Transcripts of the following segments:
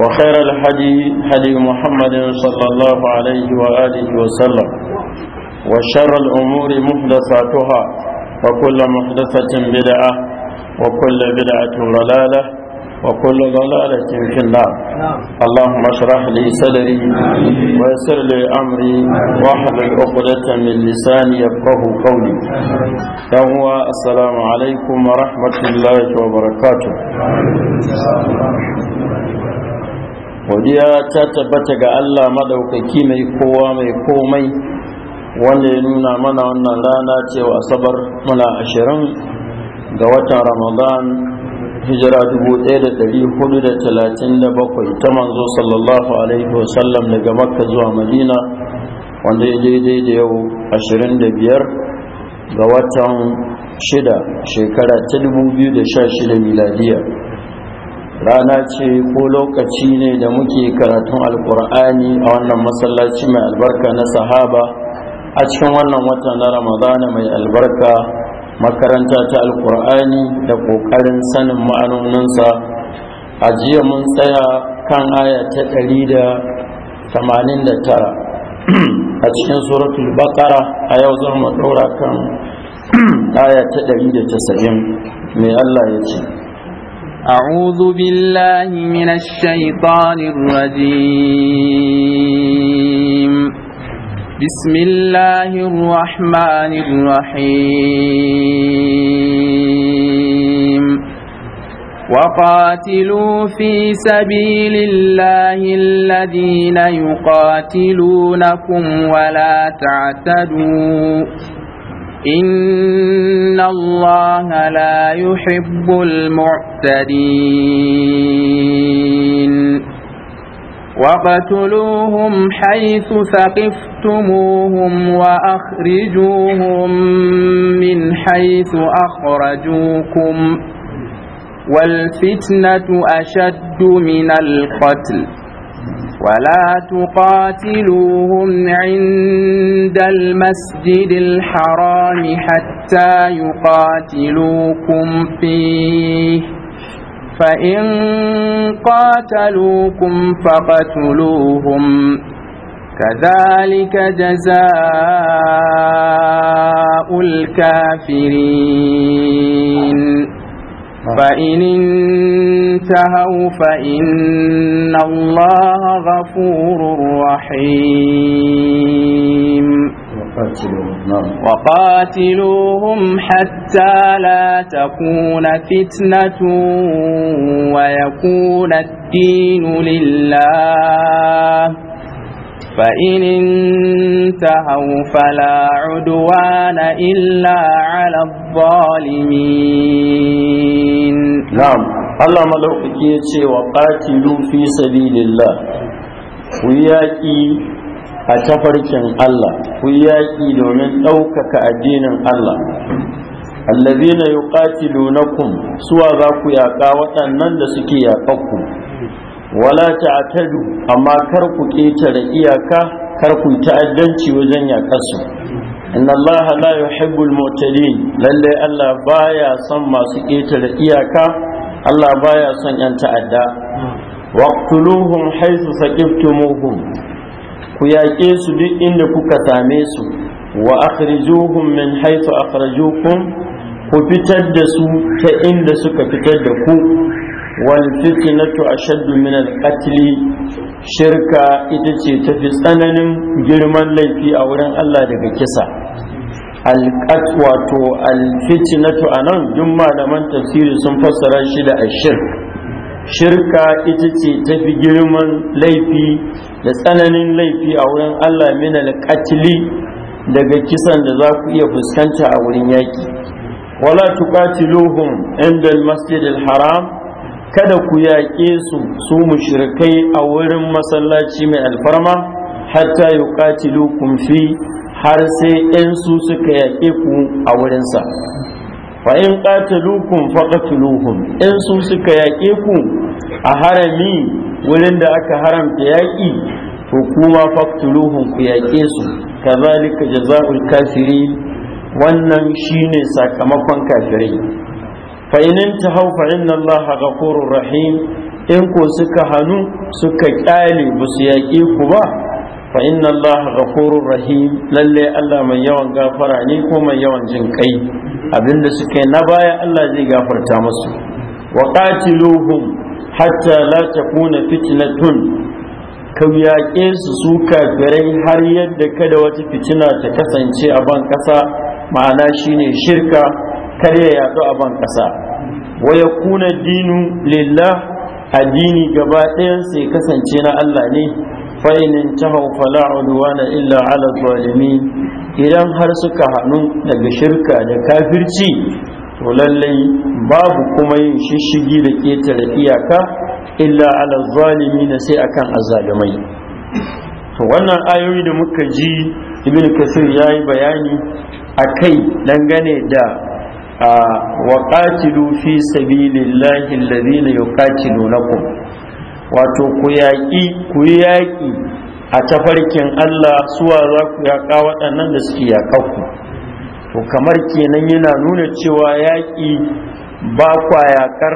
وخير الحدي حدي محمد صلى الله عليه وآله وسلم وشر الأمور محدثاتها وكل محدثة بدعة وكل بدعة ضلالة وكل ضلالة في النار اللهم اشرح لي صدري ويسر لي أمري واحلل عقدة من لساني يفقه قولي فهو السلام عليكم ورحمة الله وبركاته godiya ta tabbata ga Allah madaukaki mai kowa mai komai wanda ya nuna mana wannan rana cewa asabar muna ashirin ga watan ramadan hijira 1437 ta manzo sallallahu alaihi wasallam daga makka zuwa madina wanda ya daidai da yau 25 ga watan shida shekara ta 2016 miladiya rana ce ko lokaci ne da muke karatun alkur'ani a wannan masallaci mai albarka na sahaba a cikin wannan wata na ramadana mai albarka makaranta ta alkur'ani da ƙoƙarin sanin ma'anoninsa a jiya mun tsaya kan aya ta tara, a cikin suratul bakara a yau zan mu daura kan aya ta ɗari da 190 mai allah ya ce أعوذ بالله من الشيطان الرجيم بسم الله الرحمن الرحيم وقاتلوا في سبيل الله الذين يقاتلونكم ولا تعتدوا إن الله لا يحب المعتدين وقتلوهم حيث ثقفتموهم وأخرجوهم من حيث أخرجوكم والفتنة أشد من القتل ولا تقاتلوهم عند المسجد الحرام حتى يقاتلوكم فيه فإن قاتلوكم فقتلوهم كذلك جزاء الكافرين فإن انتهوا فإن الله غفور رحيم وقاتلوهم حتى لا تكون فتنة ويكون الدين لله فإن انتهوا فلا عدوان إلا على الظالمين نعم الله ملوك يتي وقاتلوا في سبيل الله وياكي أتفركن الله وياكي لمن أوكك الدين الله الذين يقاتلونكم سوى ذاك يقاوة نند يا يقاكم wala ta'tadu amma kar ku da iyaka kar ku ta'addanci wajen yakarsu inna allaha la yuhibbul mu'tadin lalle Allah baya son masu da iyaka Allah baya son yan ta'adda waqtuluhum haythu saqiftumuhum ku yaƙe su duk inda kuka same su wa akhrijuhum min haythu akhrajukum ku fitar da su ta inda suka fitar da ku walfitinatu a shaddu minal shirka ita ce tafi tsananin girman laifi a wurin Allah daga kisa alƙat wato alfitinatu a nan duk malaman tafsiri sun fassara shi da ashirk shirka ita ce tafi girman laifi da tsananin laifi a wurin Allah minal katili daga kisan da za ku iya fuskanta a wurin yaƙi wala tuqatiluhum inda al-masjid al-haram kada ku yaƙe su su mushrikai a wurin masallaci mai alfarma hatta yuqatilukum fi har sai in su suka yaƙe ku a wurinsa fa in qatalukum faqatuluhum in su suka yaƙe ku a harami wurin da aka haramta yaƙi to kuma faqtuluhum ku yaƙe su kazalika jazaul kafiri wannan shine sakamakon kafirai fa in hau fa inna allaha ghafurur rahim in ko suka hanu suka kyale ba su ku ba fa inna allaha ghafurur rahim lalle Allah mai yawan gafara ne ko mai yawan jin kai abinda suka yi na baya Allah zai gafarta musu wa qatiluhum hatta la takuna fitnatun ka yaƙe su su kafirai har yadda kada wata fitina ta kasance a ban ƙasa ma'ana shine shirka Karya ya yaɗu a ban ƙasa wa ya kuna dinu lillah addini gaba ɗayan sai kasance na Allah ne fa'inin ta fala udwana illa ala zalimi idan har suka hannu daga shirka da kafirci to lallai babu kuma yin shishigi da ƙetare iyaka illa ala zalimi na sai akan azalimai to wannan ayoyi da muka ji ibn kasir ya yi bayani a kai dangane da وقاتلوا في سبيل الله الذين يقاتلونكم wato ku yaƙi ku yaƙi a tafarkin Allah suwa za ku yaƙa waɗannan da suke ku? to kamar kenan yana nuna cewa yaƙi ba kwa yaƙar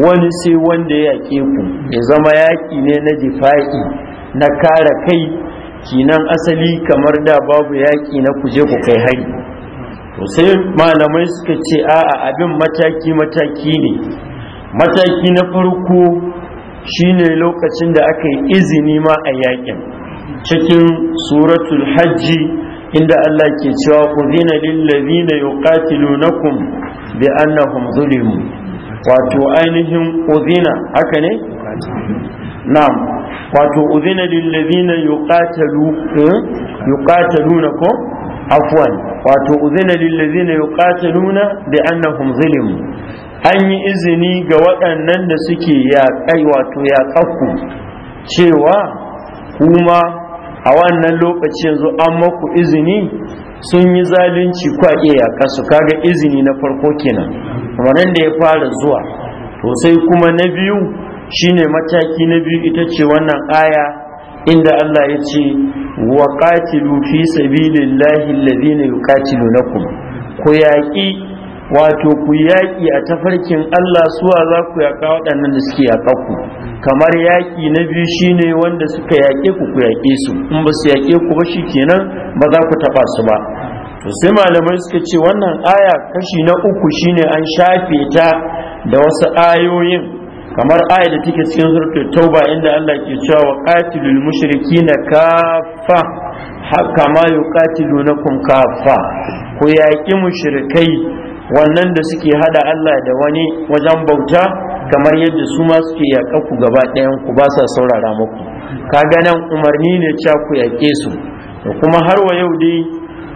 wani sai wanda ya yaƙe ku ya zama yaƙi ne na difa'i na kare kai kinan asali kamar da babu yaƙi na kuje ku kai hari to sai malamai suka ce a'a abin mataki mataki ne mataki na farko shine lokacin da aka yi izini ma a yakin cikin suratul hajji inda Allah ke cewa kuzina lillazina yuqatilunakum bi annahum zulimu wato ainihin uzina haka ne na'am wato uzina lillazina yuqatalu eh, yuqataluna ko afwan wato uzina lillazina yuqatiluna da annahum zulm an yi izini ga waɗannan da suke yaƙai wato yaƙaku cewa kuma a wannan lokaci yanzu an maku izini sun yi zalunci ku a yaƙa su kaga izini na farko kenan nan da ya fara zuwa to sai kuma na biyu shine mataki na biyu ita ce wannan aya inda Allah ya ce wa katilu fi sabilillahi alladhina yuqatilunakum ku yaƙi wato ku yaƙi a tafarkin Allah suwa za ku yaƙa waɗannan da suke yaƙa ku kamar yaƙi na biyu shine wanda suka yaƙe ku ku yaƙe su in ba su yaƙe ku ba shikenan ba za ku taɓa su ba sai malamai suka ce wannan aya kashi na uku shine an shafe ta da wasu ayoyin kamar aya da take cikin suratul tauba inda Allah ke cewa wa qatilul mushrikina kaffa haka ma yuqatilunakum kaffa ku yaƙi mushrikai wannan da suke hada Allah da wani wajen bauta kamar yadda su ma suke yaƙa ku gaba ɗayan ku ba sa saurara muku kaga nan umarni ne cewa ku yaƙe su kuma har wa yau dai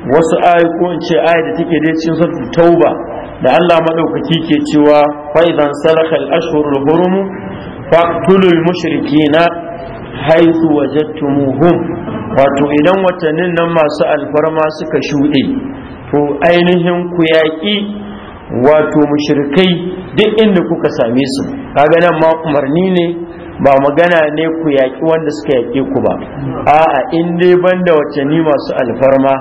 wasu ayoyi ko in ce aya da take dai cikin suratul tauba da Allah madaukaki ke cewa fa idan salakhal ashhurul hurum faqtulul mushrikina haythu wajadtumuhum wato idan watannin nan masu alfarma suka shuɗe to ainihin ku yaƙi wato mushrikai duk inda kuka same su kaga nan ma umarni ne ba magana ne ku yaƙi wanda suka yaƙe ku ba a'a in dai banda watanni masu alfarma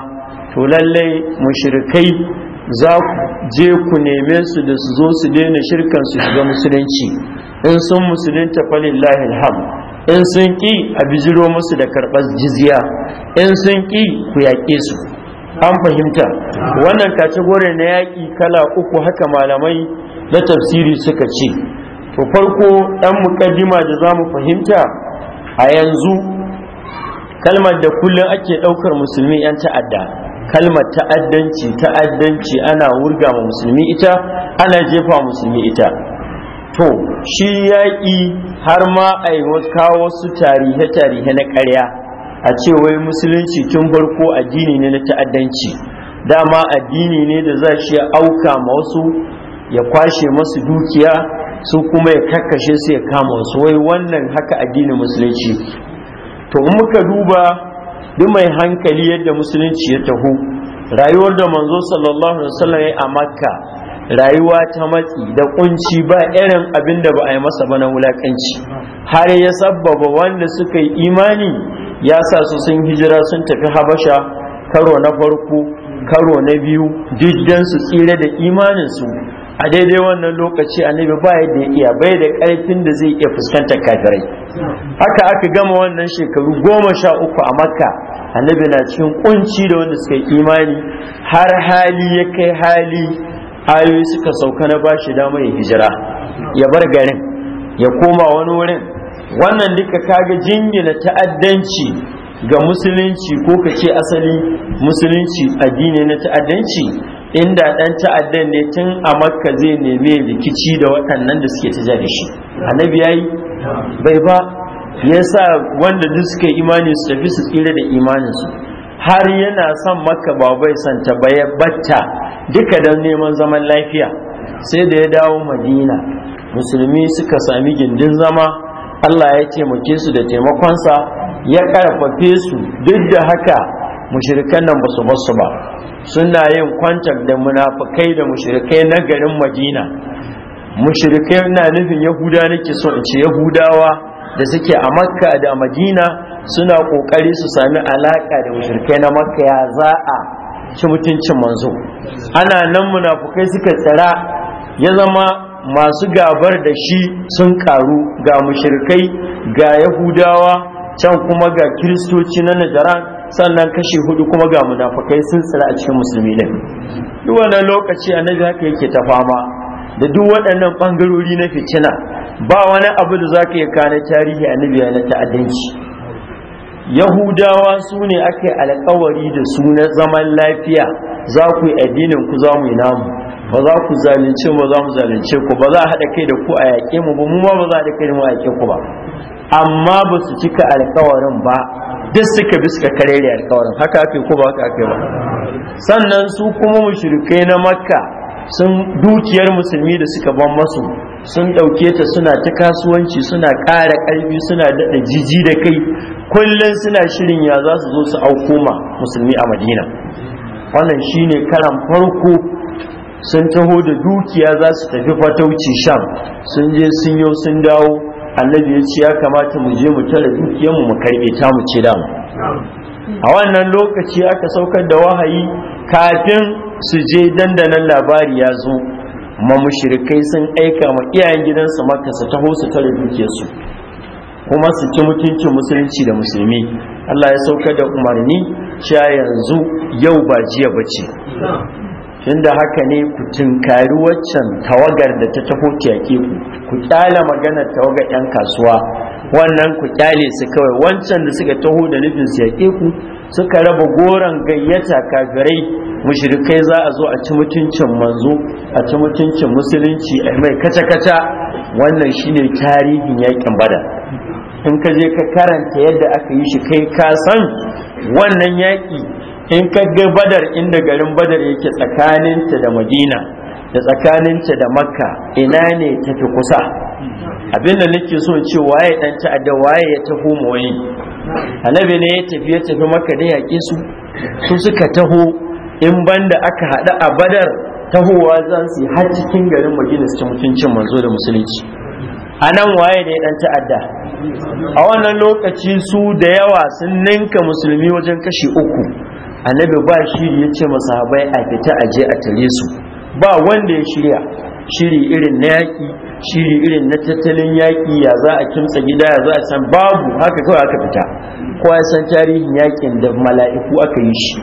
to lallai mushrikai za je ku neme su da su zo su daina shirkan su shiga musulunci in sun musulunta falillahi alham in sun ki a bijiro musu da karɓar jizya in sun ki ku yaƙe su an fahimta wannan kategori na yaƙi kala uku haka malamai na tafsiri suka ce to farko ɗan muƙaddima da za mu fahimta a yanzu kalmar da kullum ake ɗaukar musulmi 'yan ta'adda kalmar ta'addanci ta'addanci ana wurga ma musulmi ita ana jefa musulmi ita to shi yaƙi har ma a yi kawo wasu tarihe-tarihe na ƙarya a ce wai musulunci tun farko addini ne na ta'addanci dama addini ne da za shi ya auka ma wasu ya kwashe masu dukiya su kuma ya kakkashe su ya kama su. wai wannan haka addinin musulunci to in muka duba duk mai hankali yadda musulunci ya taho rayuwar da manzo sallallahu alaihi wasallam ya a makka rayuwa ta matsi da kunci ba irin abin da ba a yi masa ba na wulakanci har ya sabbaba wanda suka yi imani ya sa su sun hijira sun tafi habasha karo na farko karo na biyu jiddan su tsira da imanin su a daidai wannan lokaci annabi ba yadda ya iya bai da karfin da zai iya fuskantar kafirai haka aka gama wannan shekaru goma sha uku a makka annabi na cikin kunci da wanda suka yi imani har hali ya kai hali ayoyi suka sauka na bashi dama ya hijira ya bar garin ya koma wani wurin wannan duka kaga jingina ta'addanci ga musulunci ko ka ce asali musulunci addini na ta'addanci inda dan ta'addan ne tun a makka zai neme rikici da waɗannan da suke ta da shi annabi yayi bai ba Ya sa wanda duk suka imani su tafi su tsira da imanin su har yana son maka ba bai son ta baya batta duka don neman zaman lafiya sai da ya dawo madina musulmi suka sami gindin zama Allah ya taimake su da taimakonsa ya karfafe su duk da haka mushirikan nan ba su basu ba suna yin kwantar da munafukai da mushirikai na garin madina mushirikai na nufin yahuda nake so in ce yahudawa da suke a makka da madina suna kokari su sami alaka da mushrikai na makka ya za a ci mutuncin manzo ana nan munafukai suka tsira ya zama masu gabar da shi sun karu ga mushrikai ga yahudawa can kuma ga kiristoci na najaran sannan kashe hudu kuma ga munafukai sun tsara a cikin musulmi ne duk wannan lokaci annabi haka yake ta fama da duk waɗannan ɓangarori na fitina ba wani abu da zaka yi kana tarihi annabi ya na ta'addanci yahudawa su ne ake alkawari da su na zaman lafiya za ku yi addinin ku za mu yi namu ba za ku zalunce ba za mu zalunce ku ba za a haɗa kai da ku a yaƙe mu ba mu ma ba za a haɗa kai da mu a yaƙe ku ba amma ba su cika alkawarin ba duk suka bi suka karere alkawarin haka ake ku ba haka ake ba sannan su kuma mushrikai na makka sun dukiyar musulmi da suka ban masu sun ɗauke ta suna ta kasuwanci suna ƙara ƙarfi suna daɗa jiji da kai kullum suna shirin ya za su zo su aukoma musulmi a madina wannan shine karan farko sun taho da dukiya za su tafi fatauci sham sun je sun yau sun dawo annabi ya ce ya kamata mu je mu tara dukiyarmu mu karɓe ta mu ce mu a wannan lokaci aka saukar da wahayi kafin su je dandanan labari ya zo ma mushrikai sun aika ma iyayen gidansu maka su taho su tare su, kuma su ci mutuncin musulunci da musulmi Allah ya sauka da umarni cewa yanzu yau ba jiya ba bace tunda haka ne ku tinkari waccan tawagar da ta taho ta yake ku ku ƙyale maganar tawagar yan kasuwa wannan ku kyale su kawai wancan da suka taho da nufin su yake ku suka raba goron gayyata kafirai mushrikai za a zo a ci mutuncin manzo a ci mutuncin musulunci a mai kaca-kaca wannan shine tarihin yakin badar. in ka je ka karanta yadda aka yi shi kai ka san wannan yaki in ka ga badar inda garin badar yake tsakaninta da madina da tsakaninta da makka ina ne tafi kusa abin da nake so ce waye dan ta'adda waye ya taho mu wani annabi ne ya tafi ya tafi maka da yaƙi su su suka taho in banda aka haɗu a badar tahowa za su har cikin garin madina su mutuncin manzo da musulunci a nan waye ne dan ta'adda a wannan lokaci su da yawa sun ninka musulmi wajen kashi uku annabi ba shiri ya ce masahabai a fita aje a tare su ba wanda ya shirya shiri irin na yaƙi shiri irin na tattalin yaƙi ya za a kimsa gida ya za a san babu haka kawai aka fita kowa ya san tarihin yaƙin da mala'iku aka yi shi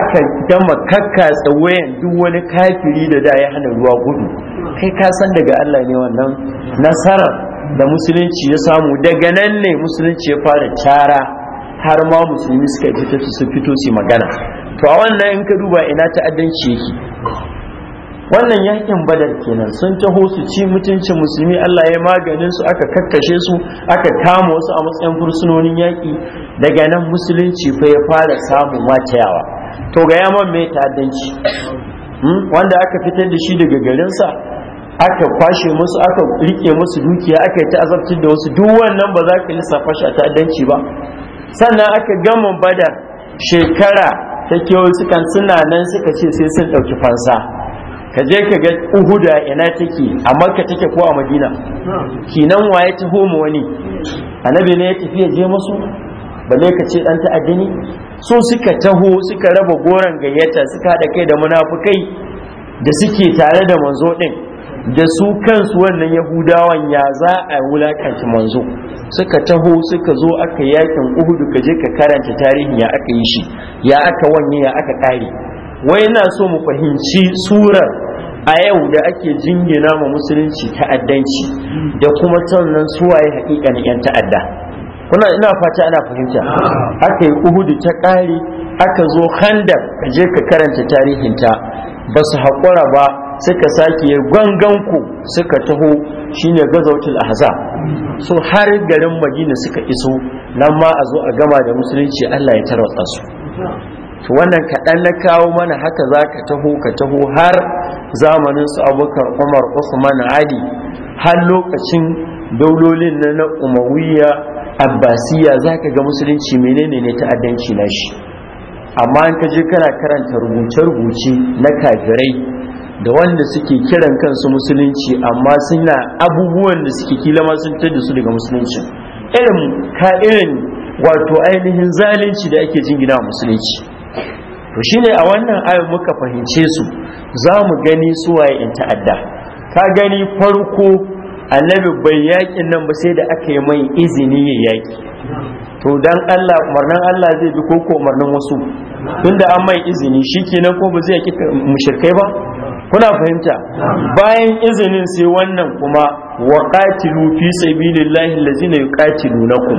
aka gama kakka wayan duk wani kafiri da da ya hana ruwa gudu kai ka san daga Allah ne wannan nasarar da musulunci ya samu daga nan ne musulunci ya fara cara har ma musulmi suka fito su fito su magana to a wannan in ka duba ina ta'addanci yake wannan yakin badar kenan sun taho su ci mutuncin musulmi Allah ya maganin su aka kakkashe su aka kama wasu a matsayin fursunonin yaƙi daga nan musulunci fa ya fara samun matayawa to ga yaman mai ta'addanci hmm? wanda aka fitar da shi daga garinsa aka kwashe musu aka rike musu dukiya aka yi ta azabtar da wasu duk wannan ba za ka lissafa shi a ta'addanci ba sannan aka gama badar shekara ta kewa sukan suna nan suka ce sai sun ɗauki fansa ka je ka ga uhuda ina take a ka take ko a madina kinan waye ta homo wani annabi ne ya tafi ya je musu balle ka ce dan ta addini so suka taho suka raba goron gayyata suka da kai da munafukai da suke tare da manzo din da su kansu wannan yahudawan ya za a wulakanci manzo suka taho suka zo aka yakin uhudu ka je ka karanta tarihin ya aka yi shi ya aka wanye ya aka kare wai na so mu fahimci surar a yau da ake jingina ma musulunci ta'addanci da kuma sannan suwaye na 'yan ta'adda kuna ina fata ana fahimta aka yi uhudu ta ƙari aka zo handar ka je ka karanta tarihinta ba su haƙura ba suka sake ganganku suka taho shine gazautul ahzab so har garin madina suka iso nan ma a zo a gama da musulunci allah ya tarwatsa su to wannan kaɗan na kawo mana haka za ka taho ka taho har zamanin su abubakar umar usman ali har lokacin daulolin na na umawiya abbasiya za ka ga musulunci menene ne ta'addanci na shi amma in ka je kana karanta rubuce-rubuce na kafirai da wanda suke kiran kansu musulunci amma suna abubuwan da suke kila ma sun tada su daga musulunci irin ka irin wato ainihin zalunci da ake jingina musulunci to shine a wannan ayon muka fahimce su za mu gani waye in ta'adda ka gani farko annabi bai yakin nan ba sai da aka yi mai izini ya yaki to dan Allah umarnin Allah zai bi koko umarnin wasu tunda an mai izini shi shikenan ko ba zai yaki mushrikai ba kuna fahimta bayan izinin sai wannan kuma wa qatilu fi sabilillahi allazina yuqatilunakum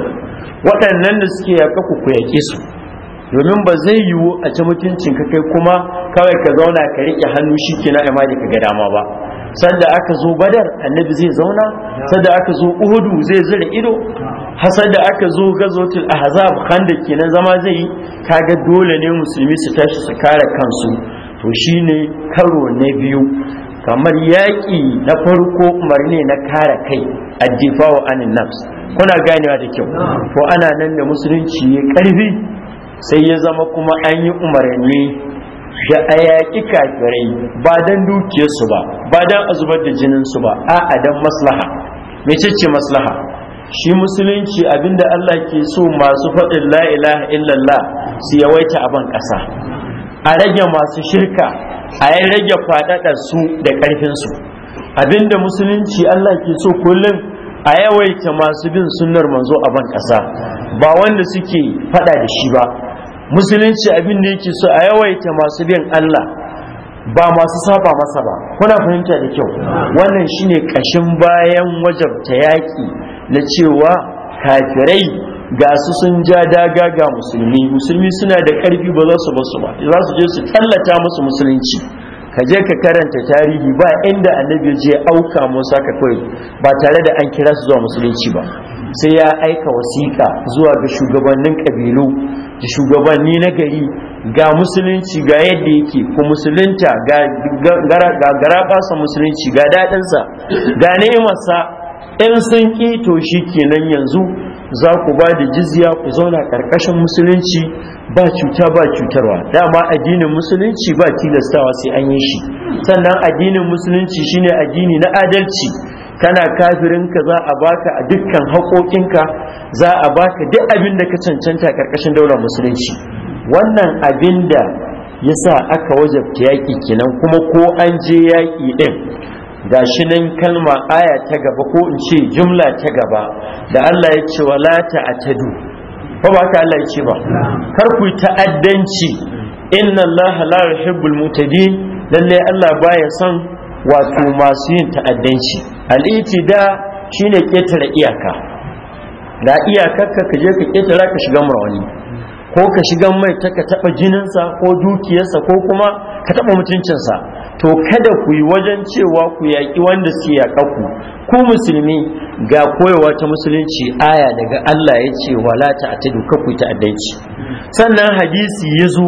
waɗannan da suke yaka ku ku yake su domin ba zai yiwu a ci mutuncin ka kai kuma kawai ka zauna ka riƙe hannu shi ke na imani ka ga dama ba sanda aka zo badar annabi zai zauna sanda aka zo uhudu zai zira ido hasar da aka zo gazotul ahzab khanda kenan zama zai yi kaga dole ne musulmi su tashi su kare kansu to shine karo na biyu kamar yaƙi na farko umarni na kare kai addifawa anin nafs kuna ganewa da kyau ko ana nan da musulunci ya karfi sai ya zama kuma an yi umarni da a yaƙi kafirai ba don dukiyarsu ba ba don a zubar da jininsu ba a'a don maslaha mecece maslaha shi musulunci abinda Allah ke so masu faɗin la illallah su yawaita a ban ƙasa a rage masu shirka a yi rage faɗaɗa su da ƙarfinsu abinda musulunci Allah ke so kullum a yawaita masu bin sunnar manzo a ban ƙasa ba wanda suke faɗa da shi ba musulunci abin da yake so a yawaita masu bin Allah ba masu saba masa ba kuna fahimta da kyau wannan shine kashin bayan wajabta yaki na cewa kafirai ga su sun ja daga ga musulmi musulmi suna da ƙarfi ba za su ba su ba za su je su tallata musu musulunci ka je ka karanta tarihi ba inda annabi ya je auka musa ka kawai ba tare da an kira su zuwa musulunci ba sai ya aika wasiƙa zuwa ga shugabannin ƙabilu da shugabanni na gari ga musulunci ga yadda yake ku musulunta ga garabasa musulunci ga daɗinsa ga masa in sun ƙito shi kenan yanzu za ku ba da jizya ku zauna ƙarƙashin musulunci ba cuta ba cutarwa dama addinin musulunci ba tilastawa sai an yi shi sannan addinin musulunci shine addini na adalci kana ka za a baka a dukkan ka, za a baka duk abin da ka cancanta ƙarƙashin daular musulunci wannan abin da ya sa aka wajabta yaƙi kenan kuma ko an je yaƙi ɗin shi nan kalma aya ta gaba ko in ce jumla ta gaba da Allah ya ce wala ta ta'tadu ba ba ta Allah ya ce ba kar ku ta'addanci inna Allah la yuhibbul mutadin lalle Allah baya son wato masu yin ta'addanci al-itida shine ketare iyaka da iyakarka ka je ka ketara ka shiga ma ko ka shiga mai ta ka taba jininsa ko dukiyarsa ko kuma ka taba mutuncinsa to kada ku yi wajen cewa ku yaƙi wanda su yaƙa ku ku musulmi ga koyawa ta musulunci aya daga Allah ya ce a ta'tadu ka ku ta'addanci sannan hadisi ya zo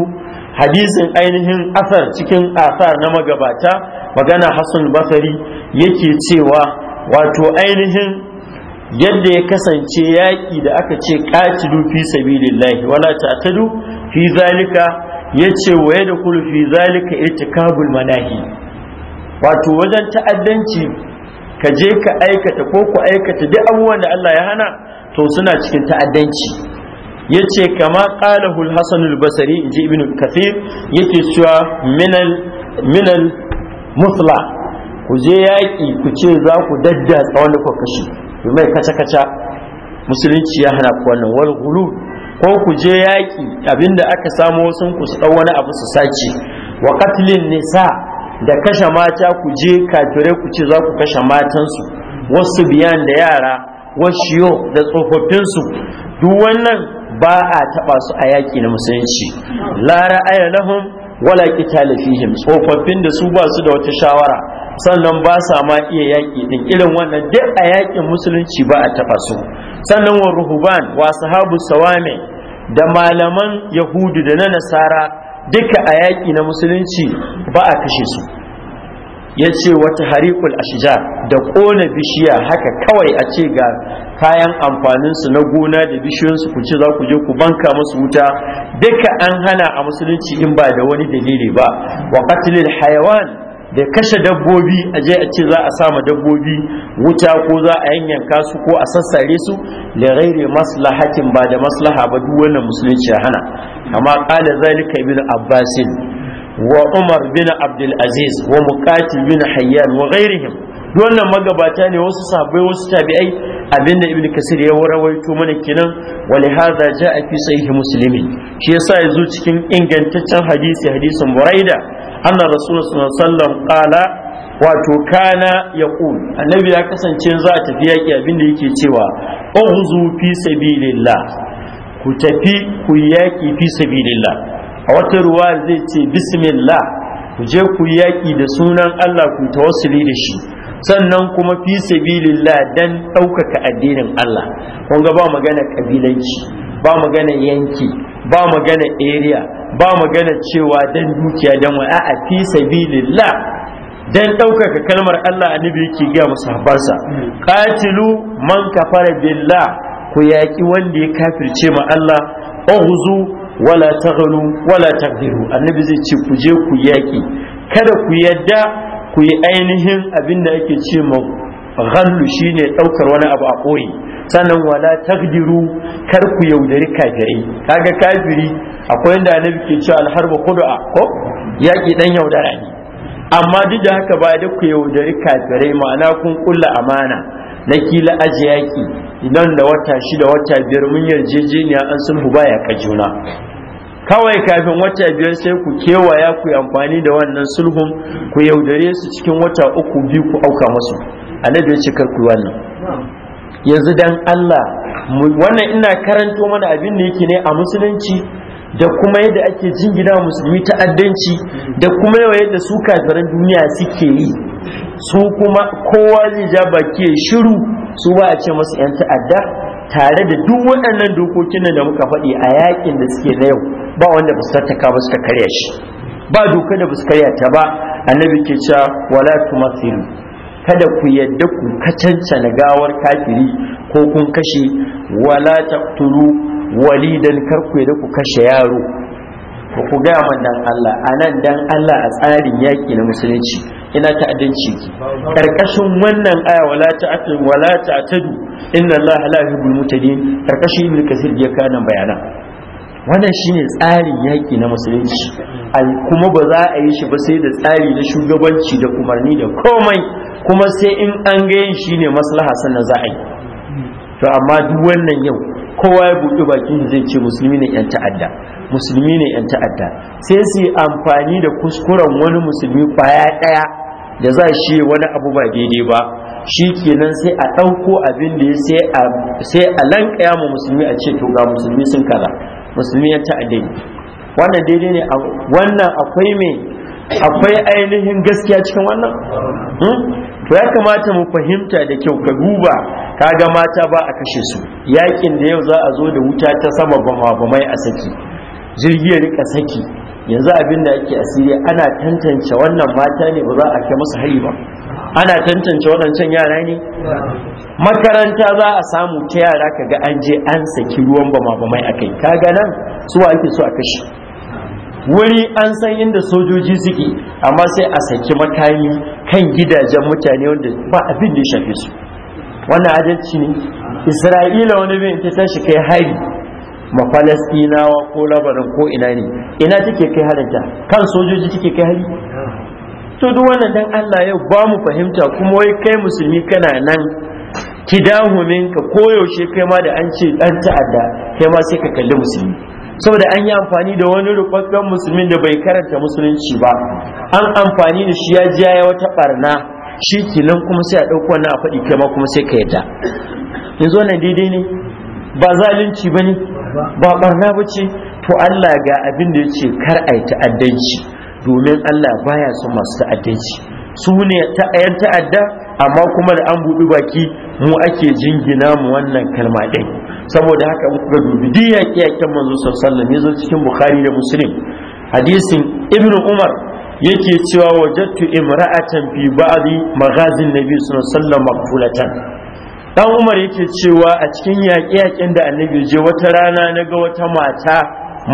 hadisin ainihin asar cikin asar na magabata magana Hassan Basari yake cewa wato ainihin yadda ya kasance yaƙi da aka ce ƙatilu fi sabilillahi wala ta'tadu fi zalika Ya yace wa yadkhulu fi zalika itikabul manahi wato wajen ta'addanci ka je ka aikata ko ku aikata duk abubuwan da Allah ya hana to suna cikin ta'addanci yace kama qalahu al basari al inji ibn kathir yake cewa minal musla ku je yaƙi ku ce za ku daddatsa wani kwakashi mai kaca-kaca musulunci ya hana ku wannan wal ko ku je yaƙi abinda aka samo sun ku su ɗau wani abu su sace wa katlin nisa da kashe mata ku je kafirai ku ce za ku kashe matansu wasu biyan da yara wasu da tsofaffinsu duk wannan ba a taɓa su a yaƙi na musulunci la ra'aya lahum wala qitala fihim tsofaffin da su ba su da wata shawara sannan ba sa ma iya yaƙi din irin wannan duk a yaƙin musulunci ba a taɓa su sannan wa ruhuban wa sahabu sawame da malaman yahudu da na nasara duka a yaƙi na musulunci ba a kashe su ya ce wata harikul ashija da ƙona bishiya haka kawai a ce ga kayan amfaninsu na gona da bishiyoyinsu ku ce za ku je ku banka musu wuta duka an hana a musulunci in ba da wani dalili ba wa katilin hayawan da kashe dabbobi a je a ce za a sama dabbobi wuta ko za a yanyanka su ko a sassare su da rairi maslahatin ba da maslaha ba duk wannan musulunci ya hana amma kala zalika ibn abbasin wa umar bin abdul aziz wa muqatil bin hayyan wa ghairihim wannan magabata ne wasu sahabbai wasu tabi'ai abinda ibn kasir ya rawaito mana kenan wali hadha jaa fi sahih muslim shi yasa yazo cikin ingantaccen hadisi hadisin buraida anna rasulullah sallallahu alaihi wasallam qala wato kana yaqul annabi ya kasance za a tafi yaki abinda yake cewa ughzu fi sabilillah ku tafi ku yaki fi sabilillah a wata ruwa zai ce bismillah ku je ku yaƙi da sunan Allah ku tawassuli da shi sannan kuma fi sabilillah dan ɗaukaka addinin Allah kun ga ba magana ƙabilanci, ba magana yanki ba magana area ba magana cewa dan dukiya dan wa a fi sabilillah dan ɗaukaka kalmar Allah annabi yake ga musahabansa qatilu man kafara billah ku yaƙi wanda ya kafirce ma Allah ughzu wala taghlu wala taqdiru annabi zai ce ku je ku yaki kada ku yadda ku yi ainihin abin da yake ce ma ghallu shine daukar wani abu a koyi sannan wala tagdiru kar ku yaudari kafirai kaga kafiri akwai inda annabi ke cewa alharba kudu'a ko yaki dan yaudara ne amma duk da haka ba da ku yaudari kafirai ma'ana kun kulla amana na kila aji yaki idan da wata shida wata biyar mun yarjejeniya an sulhu baya ka juna kawai kafin wata biyar sai ku kewaya ku yi amfani da wannan sulhun ku yaudare su cikin wata uku biyu ku auka masu annabi ya ce kar ku wannan yanzu dan Allah wannan ina karanto mana abin da yake ne a musulunci da kuma yadda ake jin jingina musulmi ta'addanci da kuma yawa yadda su kafiran duniya suke yi su kuma kowa zai ja baki shiru su ba a ce masu 'yan ta'adda tare da duk waɗannan dokokin da muka faɗi a yakin da suke na yau ba wanda ba su tattaka ba ta karya shi ba doka da ba su karya ta ba annabi ke cewa wala tumathilu kada ku yadda ku kacanta na gawar kafiri ko kun kashe wala taqtulu walidan kar ku yadda ku kashe yaro ku gaya man dan Allah anan dan Allah a tsarin yaki na musulunci ina ta'addanci karkashin wannan aya wala ta'atun wala ta'tadu inna allaha la yuhibbul mutadin karkashin ibn kasir ya kana bayana wannan shine tsarin yaki na musulunci kuma ba za a yi shi ba sai da tsari na shugabanci da umarni da komai kuma sai in an ga yin shine maslaha sannan za a yi to amma duk wannan yau kowa ya buɗe bakin shi zai ce musulmi ne yan ta'adda musulmi ne yan ta'adda sai su yi amfani da kuskuren wani musulmi kwaya ɗaya da za shi wani abu ba daidai ba shi kenan sai a ɗauko abin da ya sai a lankaya ma musulmi a ce to ga musulmi sun kaza musulmi ya ta'adda wannan daidai ne wannan akwai mai akwai ainihin gaskiya cikin wannan hmm? to ya kamata mu fahimta da kyau ka duba kaga mata ba a kashe su yakin da yau za a zo da wuta ta sama ba bamai a saki jirgi ya rika saki yanzu abin da yake asiri ana tantance wannan mata ne ba za a kai masa hari ba ana tantance waɗancan yara ne makaranta za a samu ta yara kaga an je an saki ruwan a kai, akai kaga nan wa ake so a kashe wuri an san inda sojoji suke amma sai a saki makami kan gidajen mutane wanda ba abin da ya shafe su wannan adalci ne isra'ila wani bin ta tashi kai hari mafalastinawa ko labarin ko ina ne ina take kai halinta kan sojoji take kai hali to duk wannan dan Allah yau ba mu fahimta kuma wai kai musulmi kana nan kidahumin ka koyaushe kai ma da an ce dan ta'adda kai ma sai ka kalli musulmi saboda an yi amfani da wani rukwakkan musulmin da bai karanta musulunci ba an amfani da shi ya ji ya wata barna shi kinan kuma sai a ɗauko wannan a faɗi kai ma kuma sai ka yadda yanzu wannan daidai ne ba zalunci ba ne ba barna ba ce to Allah ga abin da ya kar a yi ta'addanci domin Allah baya son masu ta'addanci su ne ta'ayan ta'adda amma kuma da an buɗi baki mu ake jingina mu wannan kalma ɗin saboda haka ga dubi duk yaƙi yaƙin manzo sallallahu alaihi wasallam cikin bukhari da muslim hadisin ibnu umar yake cewa wajattu imra'atan fi ba'di maghazin nabi sallallahu alaihi wasallam maqfulatan dan umar yake cewa a cikin yaƙe-yaƙen da annabi je wata rana na ga wata mata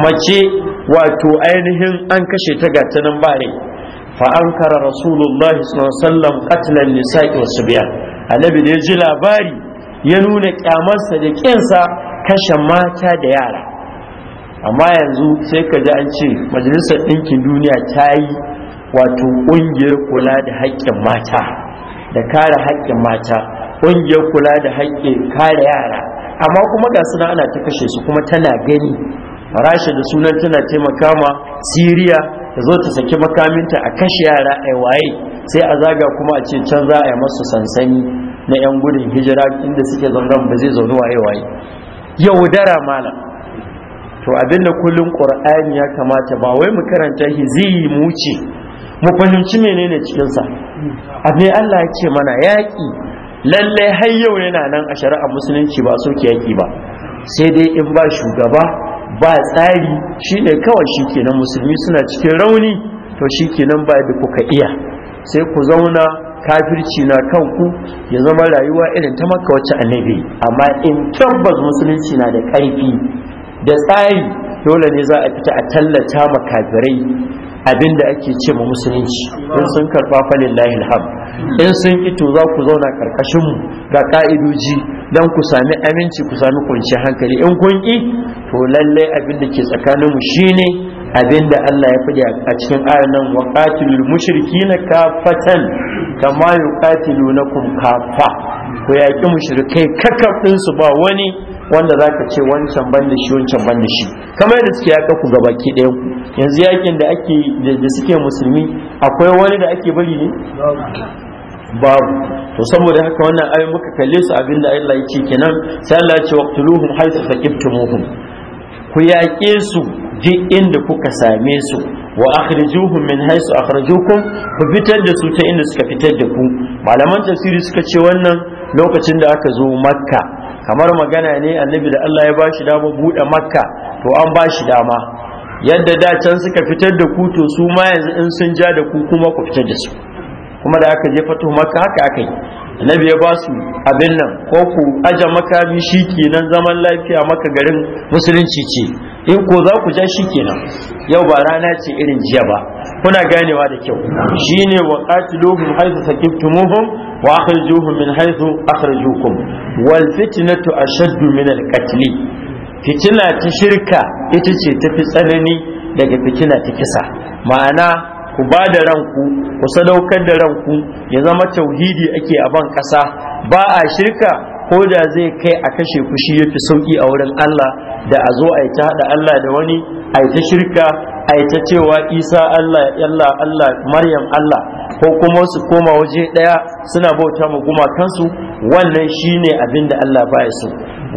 mace wato ainihin an kashe ta ga ta nan ba rai fa ankara rasulullahi sallallahu alaihi wasallam qatlan nisa'i annabi da ya ji labari ya nuna kyamarsa da kinsa kashe mata da yara amma yanzu sai ka ji an ce majalisar ɗinkin duniya ta yi wato ƙungiyar kula da haƙƙin mata da kare haƙƙin mata ƙungiyar kula da haƙƙin kare yara amma kuma ga suna ana ta kashe su kuma tana gani rasha da sunan tana taimaka ma siriya ta zo ta saki makaminta a kashe yara a waye sai a zaga kuma a ce can za a yi masu sansani na 'yan gudun hijira inda suke zangon ba zai zaune waye waye yaudara malam to abinda kullum ƙur'ani ya kamata ba wai mu karanta shi zai mu wuce mu fahimci menene cikinsa? sa abin Allah ya ce mana yaƙi. lalle har yau yana nan a shari'a musulunci ba soke yaki ba sai dai in ba shugaba ba tsari shine kawai shikenan musulmi suna cikin rauni to shikenan ba da kuka iya sai ku zauna kafirci na kanku ya zama rayuwa irin ta maka wacce annabi amma in tabbas musulunci na da ƙarfi da tsari dole ne za a fita a tallata makafirai Abinda ake ce ma musulunci in sun karɓa falin lahil ham in sun ito za ku zauna ƙarƙashinmu ga ƙa'idoji don ku sami aminci ku sami kunci hankali in kun ƙi to lallai abin da ke tsakaninmu shine abin da Allah ya fadi a cikin ayan nan wa qatilul mushrikina kafatan kama yuqatilunakum kafa ku yaƙi mushrikai kakaf su ba wani wanda za ka ce wancan ban da shi wancan ban da shi kamar yadda suke yaƙa ku ga baki ɗaya ku yanzu yakin da ake da suke musulmi akwai wani da ake bari ne babu to saboda haka wannan ayi muka kalle su da Allah ya ce kenan sai Allah ya ce waqtuluhum haythu saqiftumuhum ku yaƙe su duk inda kuka same su wa akhrijuhum min haythu akhrajukum ku fitar da su ta inda suka fitar da ku malaman tafsiri suka ce wannan lokacin da aka zo makka kamar magana ne annabi da Allah ya bashi dama buɗe makka to an bashi dama yadda da can suka fitar da ku to su ma yanzu in sun ja da ku kuma ku fitar da su kuma da aka je fatuhu maka haka aka yi annabi ya ba su abin nan ko ku aja makami shi kenan zaman lafiya maka garin musulunci ce in ko za ku ja shi kenan yau ba rana ce irin jiya ba kuna ganewa da kyau shine wa qatiluhum haythu sakiftumuhum wa akhrijuhum min haythu akhrijukum wal fitnatu ashaddu min al qatl fitina ta shirka ita ce tafi tsanani daga fitina ta kisa ma'ana ku ba da ranku ku sadaukar da ranku ya zama tauhidi ake a ban ƙasa ba a shirka ko da zai kai a kashe ku shi yafi sauki a wurin Allah da a zo a yi ta haɗa Allah da wani a yi ta shirka a yi ta cewa isa Allah Allah Allah Maryam Allah ko kuma su koma waje ɗaya suna bauta mu gumakansu wannan shine abin da Allah ba ya so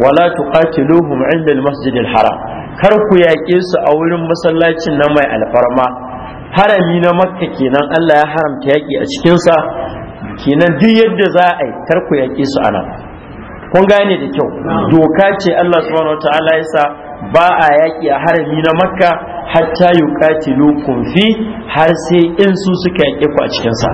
wala tuqatiluhum inda al-masjid haram kar ku yaƙe su a wurin masallacin nan mai alfarma harami na makka kenan Allah ya haramta yaƙi a cikinsa kenan duk yadda za a yi karku yaƙi su ana kun gane da kyau doka ce Allah subhanahu wataala ya sa ba a yaƙi a harami na makka hatta yuqatilu kun fi har sai in su suka yaƙe ku a cikinsa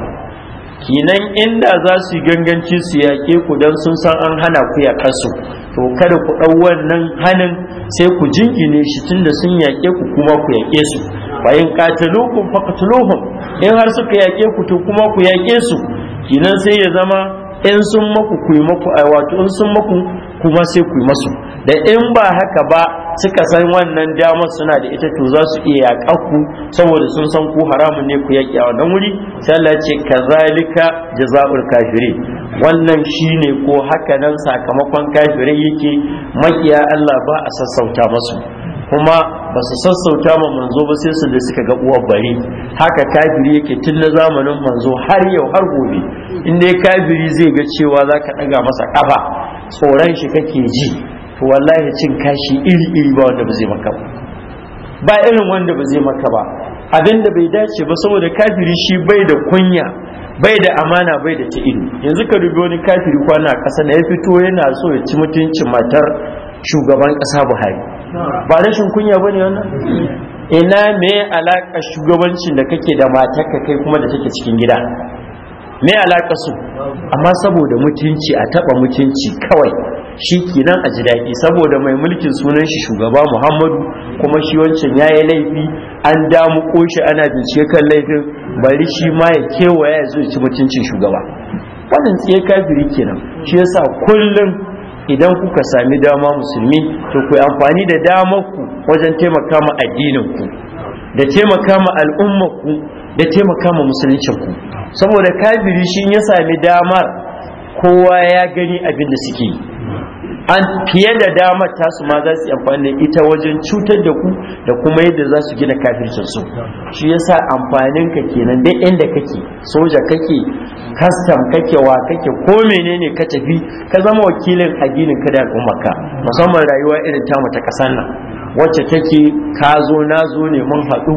kenan inda za su ganganci su yaƙe ku don sun san an hana ku ya kasu to kada ku ɗau wannan hanin sai ku jingine shi tunda sun yaƙe ku kuma ku yaƙe su fa in qataluukum faqtuluhum in har suka yake ku to kuma ku yake su kinan sai ya zama in sun maku ku yi maku ai wato in sun maku kuma sai ku yi masu da in ba haka ba suka san wannan damar suna da ita to za su iya yaƙa ku saboda sun san ku haramun ne ku yaƙi a wannan wuri sai Allah ce kazalika jazaul kafirin wannan shine ko haka nan sakamakon kafirai yake makiya Allah ba a sassauta masu kuma ba su sassauta ma manzo ba sai su da suka ga uwar bari haka kafiri yake tun na zamanin manzo har yau har gobe inda ya kafiri zai ga cewa za ka ɗaga masa ƙafa tsoron shi kake ji to wallahi cin kashi iri iri ba wanda ba zai maka ba ba irin wanda ba zai maka ba abinda bai dace ba saboda kafiri shi bai da kunya bai da amana bai da ta ido yanzu ka dubi wani kafiri kwana ƙasa na ya fito yana so ya ci mutuncin matar shugaban ƙasa buhari ba rashin kunya ba ne wannan ina me alaƙa shugabancin da kake da ka kai kuma da take cikin gida me alaƙa su amma saboda mutunci a taɓa mutunci kawai shi kenan a ji daɗi saboda mai mulkin sunan shi shugaba muhammadu kuma shi wancan ya yi laifi an damu ƙoshi ana bincike kan laifin bari shi ma ya kewaya ya ci mutuncin shugaba wannan tsaye kafiri kenan shi yasa kullum idan kuka sami dama musulmi to ku amfani da damar ku wajen taimaka ma addinin ku da taimaka ma al'ummar ku da taimaka ma musuluncin ku saboda kafiri shi ya sami damar kowa ya gani abin da suke yi an fiye da damar tasu ma za su yi amfani da ita wajen cutar da ku da kuma yadda za su gina kafircin su shi yasa amfanin ka kenan duk inda kake soja kake kastam kake wa kake ko menene ka tafi ka zama wakilin addinin ka da al'ummarka musamman rayuwa irin tamu ta kasar nan wacce take ka zo na zo ne mun haɗu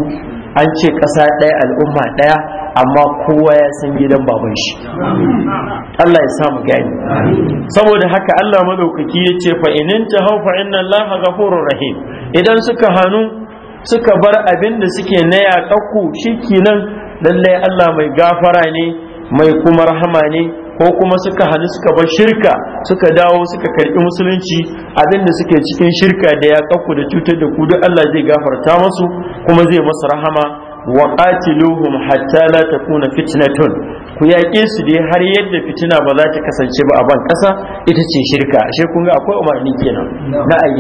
an ce ƙasa ɗaya al'umma ɗaya amma kowa ya san gidan baban shi Allah ya samu gani saboda haka Allah madaukaki ya ce fa inin ta hau fa inna Allah ghafurur rahim idan suka hanu suka bar abin da suke na shi shikenan lallai Allah mai gafara ne mai kuma rahama ne ko kuma suka hannu suka bar shirka suka dawo suka karɓi musulunci abinda suke cikin shirka da ya kakku da cutar da ku duk Allah zai gafarta masu kuma zai masa rahama wa qatiluhum hatta la takuna fitnatun ku yaƙe su dai har yadda fitina ba za ta kasance ba a ban ƙasa ita ce shirka ashe kun ga akwai umarni kenan na a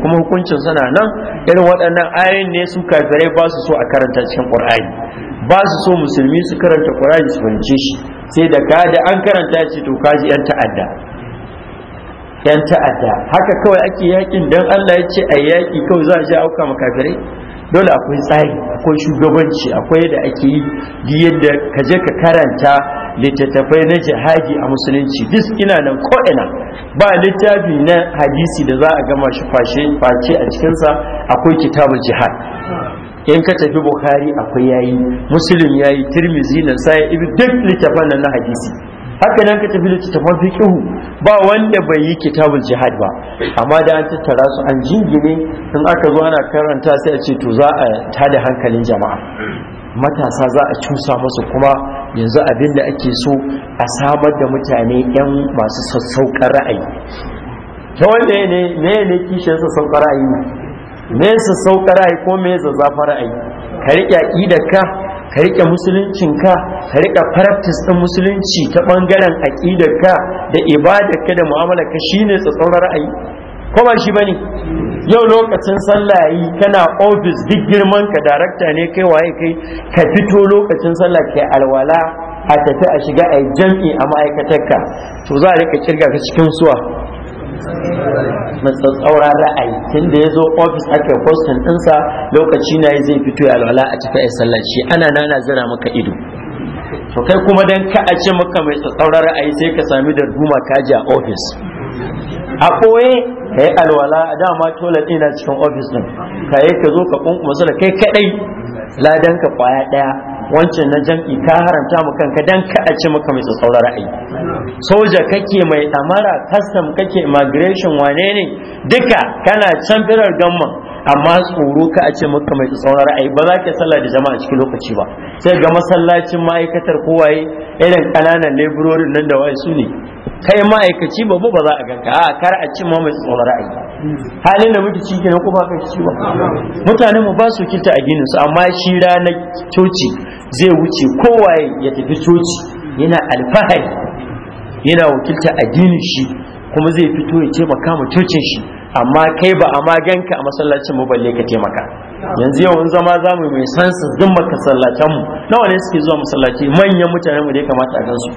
kuma hukuncin sana nan irin waɗannan ayoyin ne su kafirai ba su so a karanta cikin ƙur'ani ba su so musulmi su karanta ƙur'ani su fahimce shi sai da ka da an karanta ce to kaji yan ta'adda yan ta'adda haka kawai ake yakin dan Allah ya ce ai yaki kawai za a ji auka makafirai dole akwai tsari akwai shugabanci akwai da ake yi di yadda ka je ka karanta littattafai na jihadi a musulunci duk ina nan ko ina ba littafi na hadisi da za a gama shi face a cikinsa akwai kitabul jihad in ka tafi bukhari akwai yayi muslim yayi tirmizi na sai ibi duk littafan nan na hadisi haka nan ka tafi littafan fiqh ba wanda bai yi kitabul jihad ba amma da an tattara su an jingine in aka zo ana karanta sai a ce to za a tada hankalin jama'a matasa za a cusa musu kuma yanzu abin da ake so a samar da mutane 'yan masu sassauƙar ra'ayi ta wanda ne ne kishin sassauƙar ra'ayi me yasa sauka ra'ayi ko me zazzafa ra'ayi ka riƙe aƙidarka ka riƙe musuluncin ka ka riƙe faratis ɗin musulunci ta ɓangaren aƙidarka da ibadarka da ka shine tsatsauran ra'ayi ko ba shi bane yau lokacin sallah yi kana ofis duk girman ka darakta ne kai waye kai ka fito lokacin sallah kai alwala a tafi a shiga a jam'i a ma'aikatarka to za a rika kirga ka cikin suwa matsatsauran ra'ayi tun da ya zo ofis aka kwastan ɗinsa lokaci na zai fito ya alwala a tafi ya sallaci ana nana zira maka ido to kai kuma dan ka a ce maka mai tsatsauran ra'ayi sai ka sami da duma kaji a ofis a ɓoye ka yi alwala a dama tola ɗina cikin ofis ɗin ka yi ka zo ka kunkuma su da kai kaɗai ladan ka kwaya ɗaya wancan na jam'i ka haramta mu kanka dan ka a ce mai tsatsauran ra'ayi soja kake mai tamara custom kake immigration wane ne duka kana can birar gamma amma tsoro ka a ce maka mai tsatsauran ra'ayi ba za ka sallah da jama'a cikin lokaci ba sai ga masallacin ma'aikatar kowaye irin ƙananan leburorin nan da wai su ne kai ma'aikaci babu ba za a ganka a kar a ce ma mai tsatsauran ra'ayi halin da muke cikin na ko ba kai ba mutanen mu ba su kilta a ginin su amma shi ranar coci zai wuce kowaye ya tafi coci yana alfahari yana wakilta ginin shi kuma zai fito ya taimaka ma cocin shi amma kai ba a maganka a masallacin mu balle ka taimaka yanzu yawan zama za mu mai sansa su zumba masallacen mu nawa ne suke zuwa masallaci manyan mutane mu da ya kamata a gansu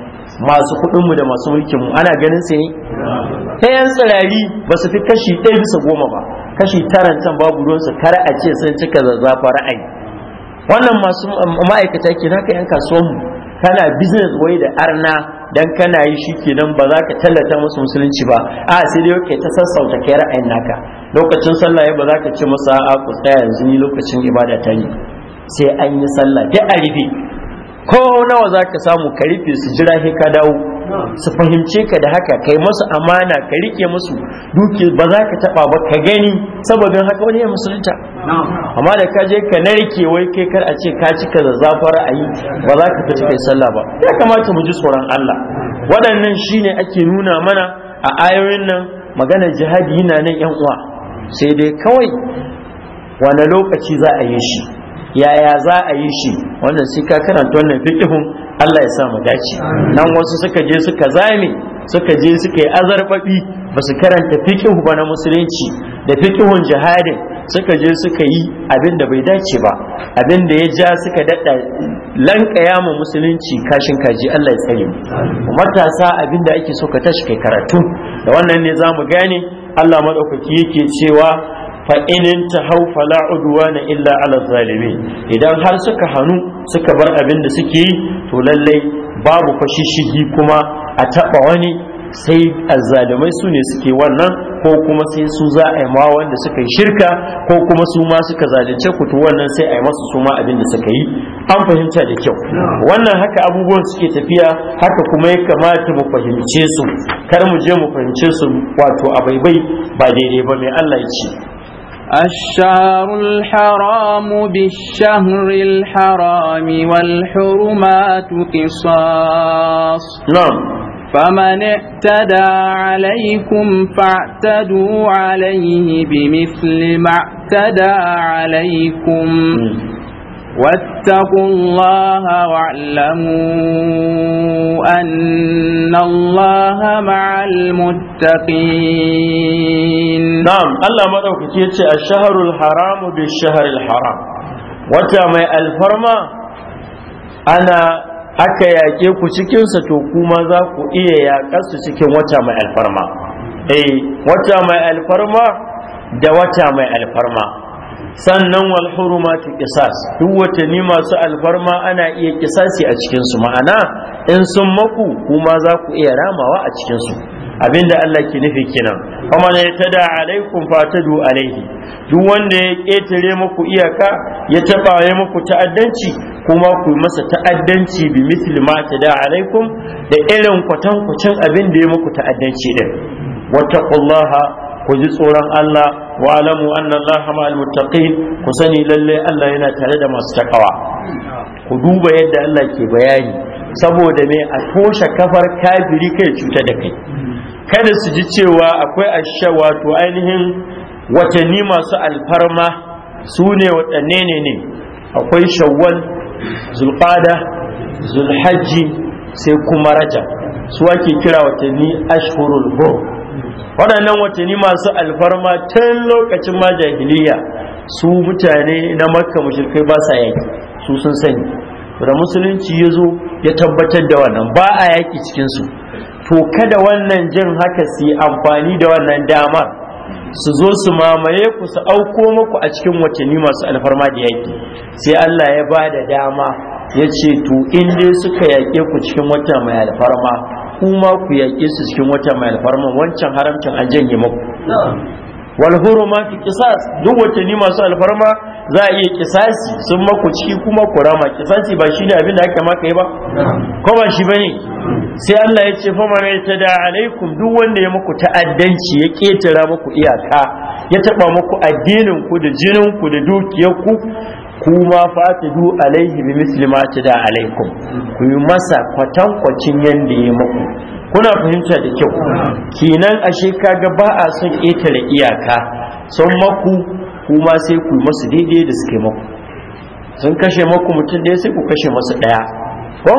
masu kuɗin mu da masu mulkin mu ana ganin su ne yan tsirari ba su fi kashi ɗaya bisa goma ba kashi taran can babu ruwansu kar a ce sun cika zazzafa ra'ayi wannan masu um, ma'aikata ke naka yan kasuwan mu kana business wai da arna dan kana yi kenan ba za ka tallata musu musulunci ba a sai dai kai ta sassauta kai ra'ayin naka lokacin sallah ba za ka ce musu a ku tsaya yanzu ni lokacin ibada ta sai an yi sallah da a ko nawa za ka samu ka su jira he ka dawo su fahimce ka da haka kai masu amana ka rike musu duki ba za ka taba ba ka gani saboda haka wani ya musulunta amma da ka je ka narke wai kai kar a ce ka cika da a ra'ayi ba za ka fita kai sallah ba ya kamata mu ji tsoron Allah waɗannan shine ake nuna mana a ayoyin nan magana jihadi yana nan yan uwa sai dai kawai wani lokaci za a yi shi yaya za a yi shi wannan sai ka karanta wannan fiqhun Allah ya sa mu dace nan wasu suka je suka zame suka je suka yi azarbabi ba su karanta fiqhu ba na musulunci da fiqhun jihadin suka je suka yi abin da bai dace ba abin da ya ja suka daɗa lankaya ma musulunci kashin kaji Allah ya tsare mu matasa abin da ake so ka tashi kai karatu da wannan ne zamu gane Allah madaukaki yake cewa fa ta hau fala udwana illa ala idan har suka hanu suka bar abin da suke yi to lallai babu fashishigi kuma a taba wani sai azzalumai su ne suke wannan ko kuma sai su za a yi ma wanda suka yi shirka ko kuma su ma suka zalunce ku to wannan sai a yi masu su ma abin da suka yi an fahimta da kyau wannan haka abubuwan suke tafiya haka kuma ya kamata mu fahimce su kar mu je mu fahimce su wato a baibai ba daidai ba mai Allah ya ce الشهر الحرام بالشهر الحرام والحرمات قصاص نعم فمن اعتدى عليكم فاعتدوا عليه بمثل ما اعتدى عليكم واتقوا الله واعلموا أن الله مع المتقين نعم الله مدعوك الشهر الحرام بالشهر الحرام وتامي الفرما أنا aka yaƙe ku cikinsa to kuma za ku iya yaƙarsu cikin wata mai alfarma wata mai alfarma da wata mai alfarma sannan wal hurumatu qisas duk watanni masu alfarma ana iya kisasi a cikin su ma'ana in sun maku kuma za ku iya ramawa a cikin su abinda Allah ke nufi kinan. kuma ne ta da alaikum fatadu alaihi duk wanda ya ketare muku iyaka ya taba ya muku ta'addanci kuma ku masa ta'addanci bi misli ma ta da alaikum da irin kwatankwacin abin da ya muku ta'addanci din wattaqullaha ku ji tsoron Allah wa alamu anna Allah ma'al muttaqin ku sani lalle Allah yana tare da masu takawa ku duba yadda Allah ke bayani saboda me a toshe kafar kafiri kai cuta da kai kada su ji cewa akwai ashe wato ainihin watanni masu alfarma su ne waɗanne ne ne akwai shawwal zulqada zulhajji sai kuma rajab su ake kira watanni ashhurul hurum waɗannan watanni masu alfarma tun lokacin ma jahiliya su mutane na makka mashirkai ba sa yaki su sun sani da musulunci ya zo ya tabbatar da wannan ba a yaki cikinsu to kada wannan jin haka su yi amfani da wannan damar su zo su mamaye ku su auko maku a cikin watanni masu alfarma da yaki sai Allah ya ba da dama ya ce to in dai suka yaƙe ku cikin wata mai alfarma kuma ku yaƙe su cikin wata mai alfarma wancan haramcin an janye maku wal huruma fi qisas duk watanni masu alfarma za a iya kisasi sun maku ciki kuma ku rama kisasi ba shine abin da ake maka yi ba ko ba shi bane sai Allah ya ce fa man yatada alaikum duk wanda ya muku ta'addanci ya ketara muku iyaka ya taba muku addinin ku da jinin ku da dukiyarku. kuma fatidu alaihi bi misli ma ta da alaikum ku yi masa kwacin yanda ya muku kuna fahimta da kyau kenan ashe kaga ba a son ƙetare iyaka sun maku kuma sai ku masu daidai da suke maku sun kashe maku mutum ɗaya sai ku kashe masu ɗaya ko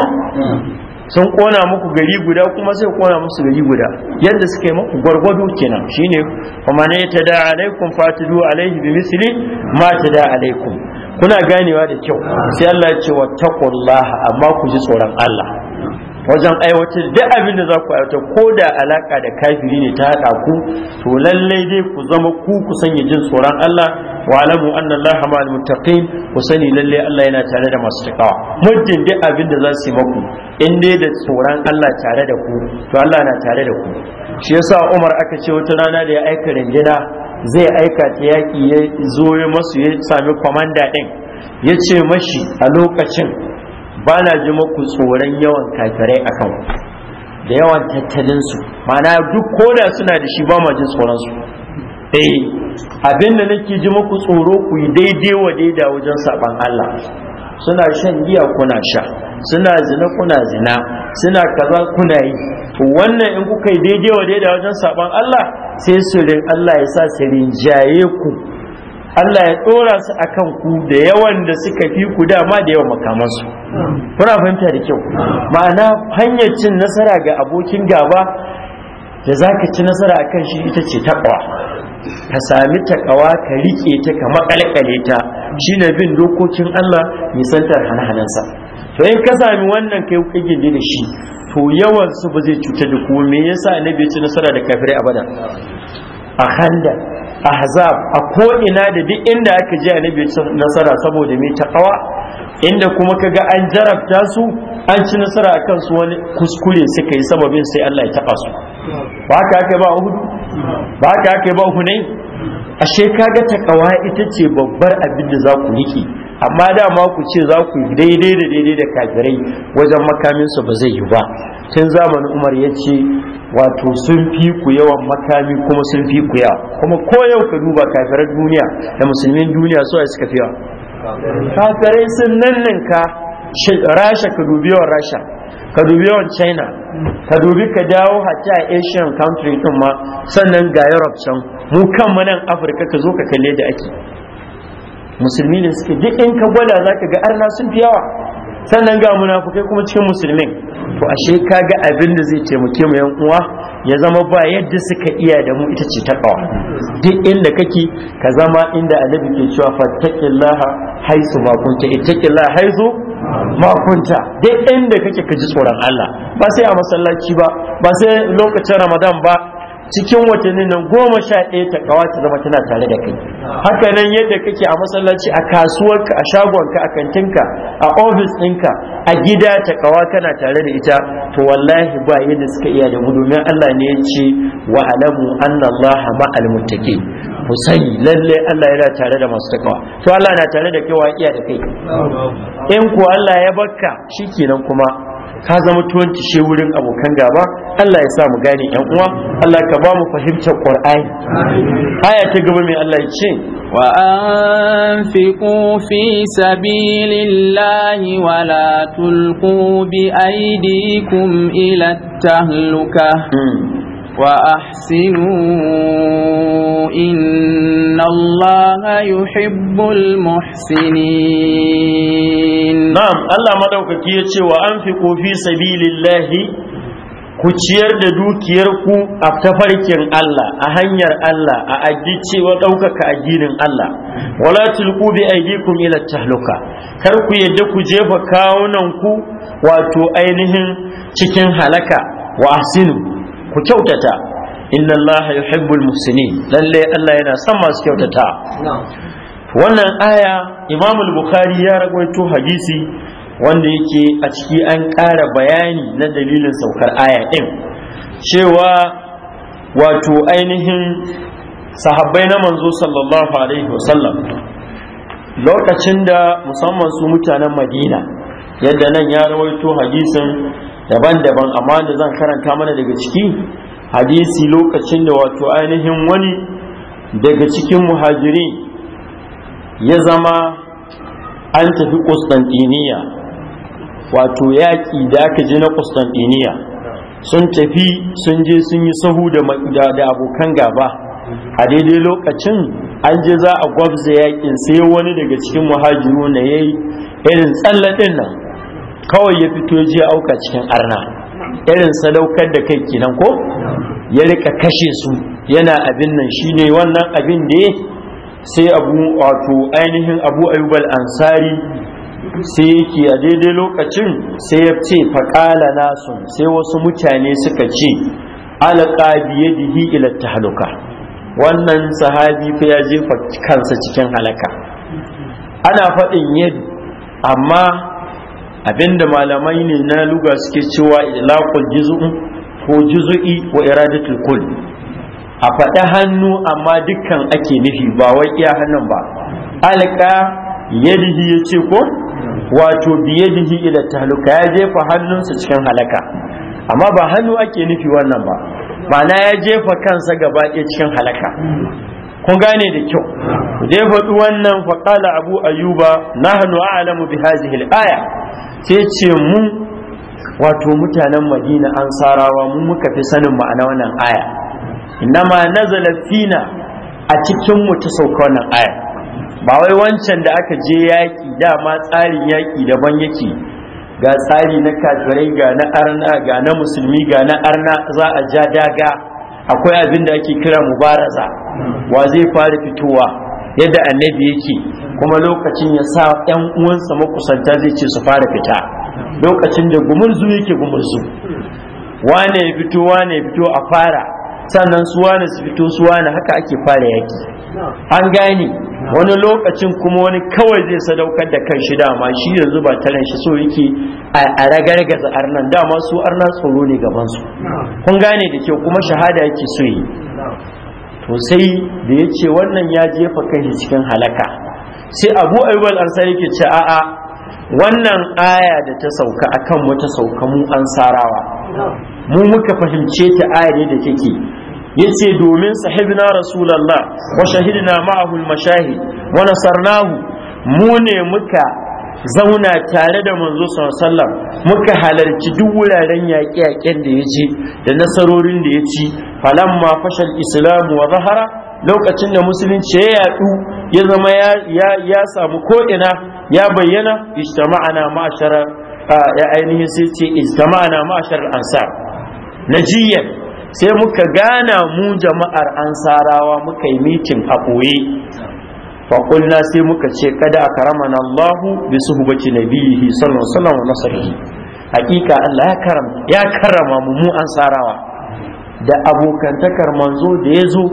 sun kona muku gari guda kuma sai kona musu gari guda yadda suka yi muku gwargwado kenan shine kuma ne ta da alaikum fatidu alaihi bi misli ma ta da alaikum kuna ganewa da kyau sai Allah ya ce wa taqullah amma ku ji tsoron Allah wajen aiwatar duk abin da za ku aiwatar ko da alaka da kafiri ne ta haɗa ku to lallai dai ku zama ku ku sanya jin tsoron Allah wa alamu anna Allah ma'al muttaqin ku sani lallai Allah yana tare da masu takawa muddin duk abin da za su yi maku in dai da tsoron Allah tare da ku to Allah na tare da ku shi yasa Umar aka ce wata rana da ya aika rinjina zai aika ta yaƙi ya zo ya masu ya sami kwamanda ɗin ya ce mashi a lokacin ba na ji maku tsoron yawan kafirai a kan da yawan tattalinsu mana duk koda suna da shi ba ma ji tsoronsu eh abin da nake ji maku tsoro ku yi daidai wa daida wajen saban Allah suna shan giya kuna sha suna zina kuna zina suna kaza kuna yi wannan in kuka yi daidai wa daidai wajen saban Allah sai su rin Allah ya sa su rinjaye ku Allah ya ɗora su a kan ku da yawan da suka fi ku dama da yawan makamansu kuna fahimta da kyau ma'ana hanyar cin nasara ga abokin gaba da za ka ci nasara a kan shi ita ce taɓawa ka sami taƙawa ka riƙe ta ka maƙalƙale ta na bin dokokin Allah nisantar hana-hanansa to in ka sami wannan kai gindi da shi to yawan su ba zai cuta da kuma me yasa annabi ya ci nasara da kafirai bada? a handa a ahzab a ko ina da duk inda aka je annabi ya ci nasara saboda me taqwa inda kuma kaga an jarabta su an ci nasara akan su wani kuskure suka yi sababin sai Allah ya taba su ba ka aka ba Uhudu? ba ka aka ba Hunain ashe kaga takawa ita ce babbar abin da za ku riki amma dama ku ce za ku yi daidai da daidai da kafirai wajen makaminsu ba zai yi ba tun zamanin umar ya ce wato sun fi ku yawan makami kuma sun fi ku yawa kuma ko yau ka duba kafirar duniya da musulmin duniya so a suka fi yawa kafirai sun ka rasha ka dubi yawan rasha ka dubi yawan china ka dubi ka dawo hatta a asian country din ma sannan ga europe can mu kan nan afirka ka zo ka kalle da ake musulmi ne suke duk in ka gwada za ka ga arna sun fi yawa sannan ga munafukai kuma cikin musulmin to ashe ka ga abin da zai taimake mu yan uwa ya zama ba yadda suka iya da mu ita ce ta kawa duk inda kake ka zama inda annabi ke cewa fattaqillaha haisu ma kunta ittaqillaha haisu ma kunta duk inda kake ka ji tsoron Allah ba sai a masallaci ba ba sai lokacin Ramadan ba cikin watannin nan goma sha ɗaya ta ƙawa ta zama tana tare da kai haka nan yadda kake a masallaci a kasuwarka a shagon ka a kantinka a ofis ɗinka a gida ta ƙawa kana tare da ita to wallahi ba yadda suka iya da domin Allah ne ya ce wa alamu anna ma'al ku sani lalle Allah yana tare da masu takawa to Allah na tare da kai wa iya da kai in ku Allah ya bakka shikenan kuma ka zama tuwanci shi wurin abokan gaba Allah ya sa mu gane yan uwa Allah ka ba mu fahimtar Qur'ani aya ta gaba mai Allah ya ce wa anfiqu fi sabilillahi wa la tulqu bi aydikum ila tahluka hmm. وأحسنوا إن الله يحب المحسنين نعم الله مدوك كيتي وأنفقوا في سبيل الله ku ciyar da dukiyarku a tafarkin Allah a hanyar Allah a addi wa ɗaukaka addinin Allah wala tulqu bi aydikum ila tahluka kar ku yadda ku jefa kawunan ku wato ainihin cikin halaka wa ahsinu ku kyautata inna allaha yuhibbul muhsinin lalle Allah yana son masu kyautata wannan aya Imam al-Bukhari ya rawaito hadisi wanda yake a ciki an ƙara bayani na dalilin saukar aya din cewa wato ainihin sahabbai na manzo sallallahu alaihi wasallam lokacin da musamman su mutanen Madina yadda nan ya rawaito hadisin daban-daban amma da zan karanta mana daga ciki hadisi lokacin da wato ainihin wani daga cikin muhajiri ya zama an tafi Kustantiniya wato yaƙi da aka ji na Kustantiniya sun tafi sun je sun yi sahu da abokan gaba a daidai lokacin an je za a gwabza yaƙin sai wani daga cikin muhajiru na yayi irin tsallaɗin nan kawai ya fito je auka cikin arna irin sadaukar da kai kenan ko ya rika kashe su yana abin nan shine wannan abin da sai abu wato ainihin abu ayubal ansari sai yake a daidai lokacin sai ya ce faƙala nasu, sai wasu mutane suka ce alaƙa biye dihi ila tahaluka wannan sahabi fa ya jefa kansa cikin halaka ana faɗin yadda amma abinda malamai ne na luga suke cewa ilaqul juz'u ko juz'i wa iradatul kull a faɗi hannu amma dukkan ake nufi ba wai iya hannun ba alqa yadihi yace ko wato biyadihi ila tahluka ya jefa hannunsa cikin halaka amma ba hannu ake nufi wannan ba ma'ana ya jefa kansa gaba ɗaya cikin halaka kun gane da kyau da ya faɗi wannan faƙala abu ayuba nahnu a'lamu bi hadhihi al-aya sai ce mu wato mutanen madina an sarawa mu muka fi sanin ma'ana wannan aya inama nazala fina a cikin mu ta sauka wannan aya ba wai wancan da aka je yaƙi dama tsarin yaƙi daban yake ga tsari na kafirai ga na arna ga na musulmi ga na arna za a ja daga akwai abin da ake kira mubaraza wa zai fara fitowa yadda annabi yake kuma lokacin ya sa ɗan uwansa makusanta zai ce su fara fita lokacin da gumurzu yake gumurzu wane ya fito wane ya fito a fara sannan su wane su fito su wane haka ake fara yaki an gane wani lokacin kuma wani kawai zai sadaukar da kan shi dama shi yanzu ba talan shi so yake a ragargaza arnan dama su arna tsoro ne gaban su kun gane da kyau kuma shahada yake so yi to sai da ya ce wannan ya jefa kai cikin halaka sai abu ayyubal ansari yake ce a'a wannan aya da ta sauka akan mu ta sauka mu an sarawa, mu muka fahimce ta aya da kake ce domin sahibna rasulullah wa shahidina ma'ahul mashahi mashahid wa nasarnahu mu ne muka zauna tare da manzo sallam muka halarci duk wuraren yaƙe-yaƙen da ya ci da nasarorin da ya ci falamma fashal islam wa zahara lokacin da musulunci ya yaɗu ya zama ya samu ko'ina ya bayyana ijtama'ana ma'ashara ya ainihin sai ce ijtama'ana ma'ashar ansar najiyan sai muka gana mu jama'ar ansarawa muka yi mitin a ɓoye faƙulna sai muka ce kada a na, Allahu bi suhbati nabiyihi sallallahu alaihi wasallam wa hakika Allah ya karama ya mu mu ansarawa da abokantakar manzo da ya zo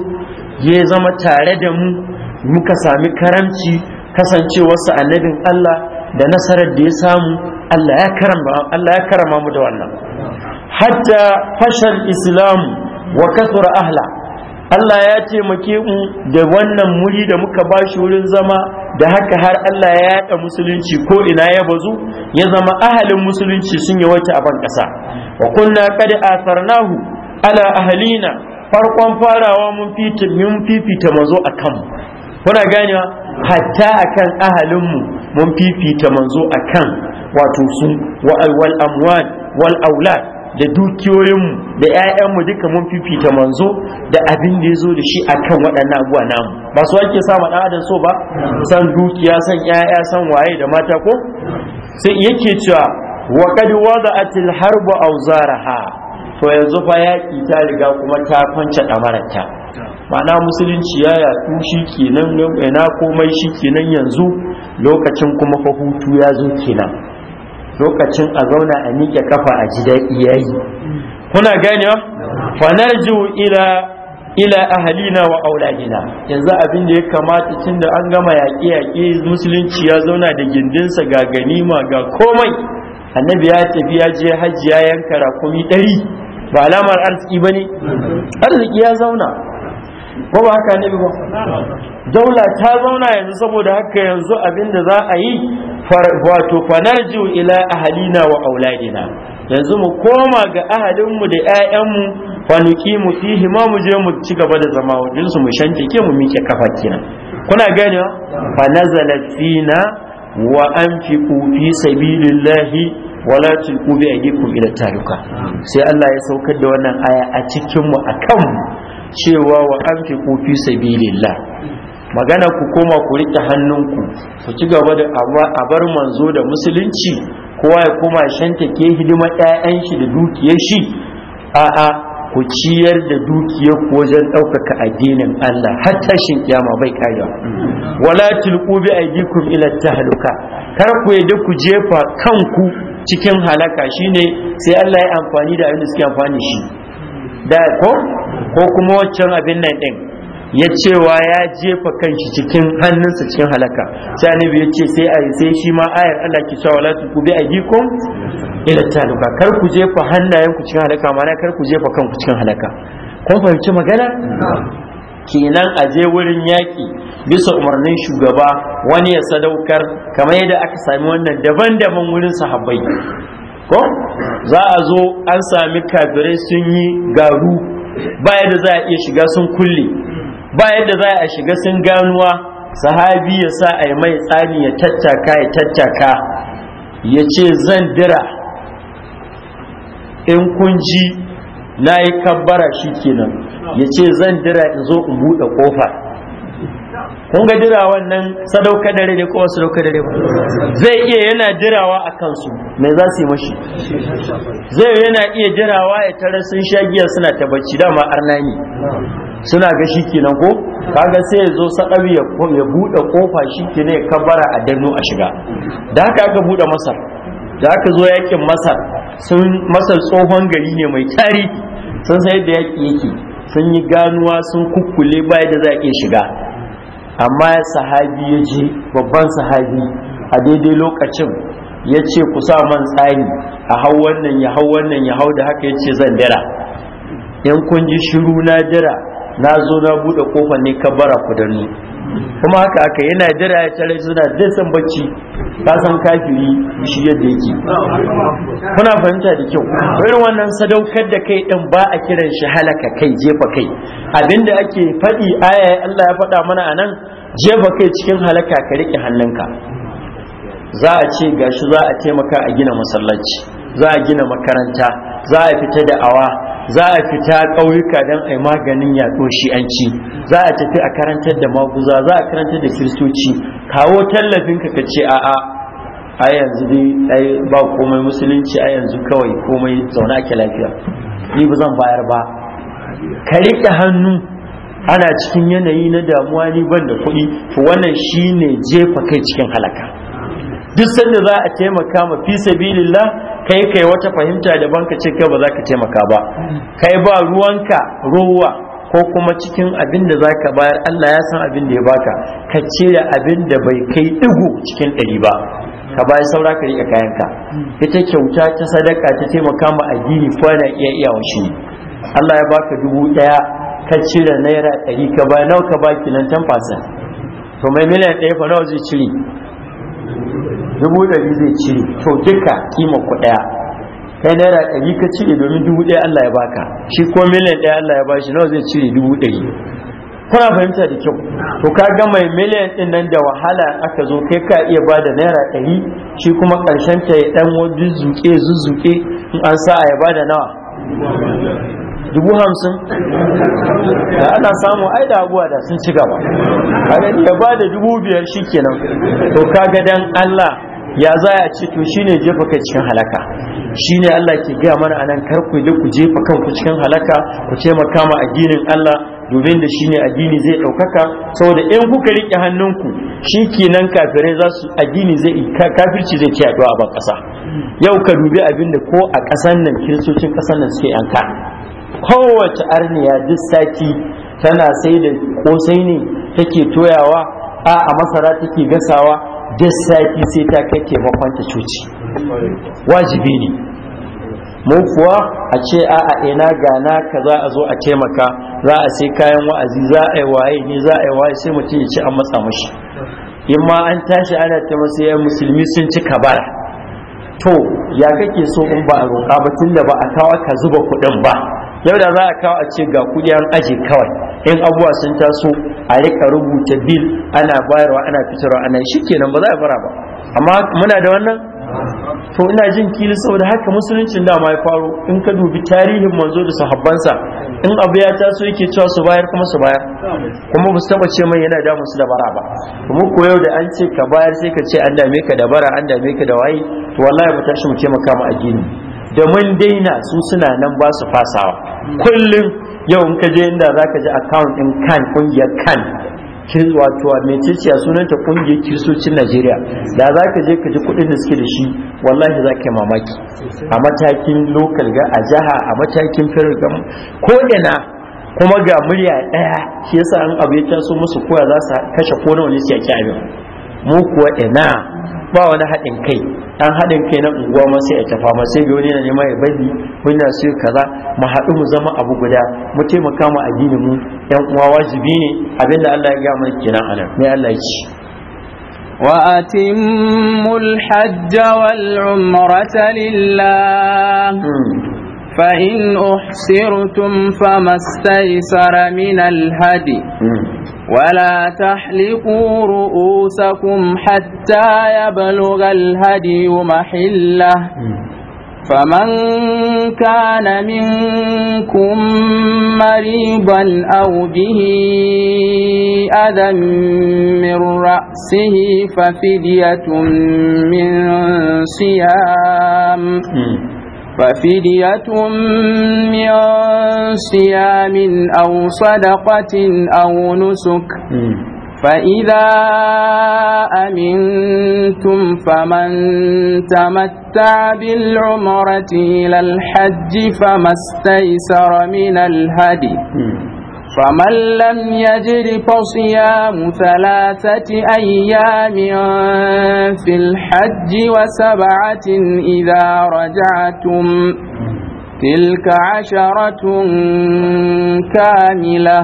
ya zama tare da mu muka sami karamci kasancewarsa annabin Allah da nasarar da ya samu Allah ya karama mu da wannan hatta fashal islam wa kathura ahla Allah ya taimake mu da wannan muri da muka ba shi wurin zama da haka har Allah ya yaɗa musulunci ko ina ya bazu ya zama ahalin musulunci sun yi wata aban ban ƙasa wa kunna qad atharnahu ala ahlina farkon farawa mun fita mun fifita manzo akan mu kuna hatta akan ahalin mu mun fifita manzo akan wato sun wal amwal wal aulad da dukiyoyinmu da 'ya'yanmu duka mun fifita manzo da abin da ya zo da shi akan waɗannan abuwa namu ba su wake sa ɗan adam so ba san dukiya san 'ya'ya san waye da mata ko sai yake cewa wa qad wada'atil harbu ha? to yanzu fa yaƙi ta riga kuma ta kwance ɗamararta ma'ana musulunci ya yaɗu shi kenan na komai shi kenan yanzu lokacin kuma fa hutu ya zo kenan lokacin a zauna a miƙe kafa a ji daɗi yayi kuna ganewa fa narju ila ila ahalina wa auladina yanzu abin da ya kamata tun da an gama yaƙe yaƙe musulunci ya zauna da gindinsa ga ganima ga komai annabi ya tafi ya je hajji ya yanka rakumi ɗari ba alamar arziki ba ne arziki ya zauna ko ba haka ne ba daula ta zauna yanzu saboda haka yanzu abinda za a yi wato fanarjiu ila ahalina wa auladina yanzu mu koma ga ahalinmu da 'ya'yanmu fanuki mu fihi ma mu je mu ci gaba da zama wajen su mu ke, mu mike kafa kenan kuna gani fa nazalat fina wa anfiqu fi sabilillahi wala tulqu bi da ila taruka sai Allah ya saukar da wannan aya a cikin mu akan cewa wa amfi kofi sabilillah magana ku koma ku rike hannunku ku ci gaba da a bar manzo da musulunci kowa ya koma shanta ke hidima 'ya'yan shi da dukiyar shi a'a ku ciyar da dukiyar ku wajen ɗaukaka addinin Allah har tashin kiyama bai kaiwa wala tilqu bi aydikum ila tahluka kar ku yadda ku jefa kanku cikin halaka shine sai Allah ya amfani da abin da suke amfani shi da ko ko kuma waccan abin nan din ya cewa ya jefa kanshi cikin hannunsa cikin halaka sai annabi ya ce sai ai sai shi ma ayar Allah ki cewa la bi ajikum ila taluka kar ku jefa hannayen cikin halaka ma'ana kar ku jefa kanku cikin halaka kun fahimci magana kenan a je wurin yaki bisa umarnin shugaba wani ya sadaukar kamar yadda aka sami wannan daban-daban wurin sahabbai ko za a zo an sami kafirai sun yi garu ba yadda za a iya shiga sun kulle ba yadda za a shiga sun ganuwa sahabi ya sa a yi mai tsani ya tattaka ya tattaka ya ce zan dira in kun ji na yi kabbara shi kenan ya ce zan dira in zo in buɗe ƙofa kun ga jirawan nan sadauka dare ne wasu sadauka dare ba zai iya yana jirawa a kansu me za su yi mashi zai yana iya jirawa ya tare sun sha giya suna ta bacci dama arna ne suna ga shi kenan ko kaga sai ya zo sakabi ya ya bude kofa shi kenan ya kabbara a dano a shiga da haka aka bude masar da aka zo yakin masar sun masar tsohon gari ne mai tarihi sun sai da yaki yake sun yi ganuwa sun kukkule baya da za a iya shiga amma sahabi ya ji babban sahabi a daidai lokacin ya ce ku sa man tsari a hau wannan ya hau wannan ya hau da haka ya ce zan dara. yan Kunji shiru na dira na zo na buɗe kofar ne ka bara ku da ni kuma haka aka yana dara ya tare suna zai san bacci ka san kafiri shi yadda yake kuna fahimta da kyau irin wannan sadaukar da kai din ba a kiran shi halaka kai jefa kai abinda ake faɗi aya Allah ya faɗa mana a nan? jefa kai cikin halaka ka rike hannunka za a ce gashi za a taimaka a gina masallaci za a gina makaranta za a fita da awa za a fita ƙauyuka don a yi maganin yaɗo shi'anci za a tafi a karantar da maguza za a karantar da kiristoci kawo tallafinka ka ce a'a a yanzu dai ba komai musulunci a yanzu kawai komai zaune ake lafiya ni ba zan bayar ba ka riƙe hannu ana cikin yanayi na damuwa ni ban da kuɗi to wannan shine jefa kai cikin halaka duk sanda za a taimaka ma fi sabilillah kai kai wata fahimta daban ka ce kai ba za ka taimaka ba kai ba ruwanka ruwa ko kuma cikin abin da za ka bayar Allah ya san abin da ya baka ka cire abin da bai kai digo cikin ɗari ba ka bayar saura ka riƙe kayanka ita kyauta ta sadaka ta taimaka ma addini kwana iya iyawan shi Allah ya baka dubu ɗaya ka cire naira ɗari ka ba nawa ka ba kilan fasa to mai miliyan ɗaya fa nawa zai cire dubu ɗari zai cire to duka kima ku ɗaya kai naira ɗari ka cire domin dubu ɗaya Allah ya baka shi ko miliyan ɗaya Allah ya bashi nawa zai cire dubu ɗari kuna fahimta da kyau to ka ga mai miliyan ɗin nan da wahala aka zo kai ka iya ba da naira ɗari shi kuma ƙarshen ta ya ɗan wani zuke zuzuke in an sa a ya ba da nawa dubu hamsin da ana samu ai da abuwa da sun ci gaba ya ba da dubu biyar shi kenan to kaga dan Allah ya za a ce to shine jefa kai cikin halaka shine Allah ke gaya mana anan kar ku je ku jefa ku cikin halaka ku taimaka ma addinin Allah domin da shine addini zai ɗaukaka saboda in kuka rike hannunku shikenan kafirai za su addini zai kafirci zai ci a ban ƙasa yau ka dubi abin da ko a kasan nan kiristocin ƙasar nan suke yanka kowace arniya duk sati tana sai da kosai ne take toyawa a a masara take gasawa duk sati sai ta kai taimakonta coci wajibi ne mu kuwa a ce a a ina gana ka za a zo a taimaka za a sai kayan wa'azi za a yi waye ne za a yi waye sai mutum ya ci an matsa mashi in ma an tashi ana ta masu yan musulmi sun ci kabara to ya kake so in ba a roƙa ba tun da ba a kawo ka zuba kuɗin ba yau da za a kawo a ce ga kudi an aje kawai in abuwa sun taso a rika rubuta bil ana bayarwa ana fitarwa ana shi kenan ba za a fara ba amma muna da wannan to ina jin kili saboda haka musuluncin dama ya faro in ka dubi tarihin manzo da sahabbansa in abu ya taso yake cewa su bayar kuma su bayar kuma ba su taba ce mai yana damu su da bara ba kuma ko yau da an ce ka bayar sai ka ce an dame ka da bara an dame ka da waye to wallahi ba ta shi mu taimaka mu addini da mun daina su suna nan ba su fasawa kullum yau in ka je inda za ka ji account ɗin kan ƙungiyar kan wato a sunanta ƙungiyar kiristocin najeriya da za ka je ka ji kuɗin da suke da shi wallahi za ka yi mamaki a matakin lokal ga a jiha a matakin gama, ko ina kuma ga murya ɗaya shi yasa an abu ya taso musu koya za su kashe ko nawa ne su yaki mu kuwa ina ba wani haɗin kai ɗan haɗin kai na unguwa ma sai a tafa ma sai ga wani na nema ya bari wani su yi kaza mu haɗu mu zama abu guda mu taimaka mu addini mu yan uwa wajibi ne abinda Allah ya ga mana kenan anan mai Allah ya ci hajj wal umrata lillah hmm. فإن أحسرتم فما استيسر من الهدي ولا تحلقوا رؤوسكم حتى يبلغ الهدي محله فمن كان منكم مريضا أو به أذى من رأسه ففدية من صيام ففدية من صيام أو صدقة أو نسك فإذا أمنتم فمن تمتع بالعمرة إلى الحج فما استيسر من الهدي فمن لم يجر فصيام ثلاثة أيام في الحج وسبعة إذا رجعتم تلك عشرة كاملة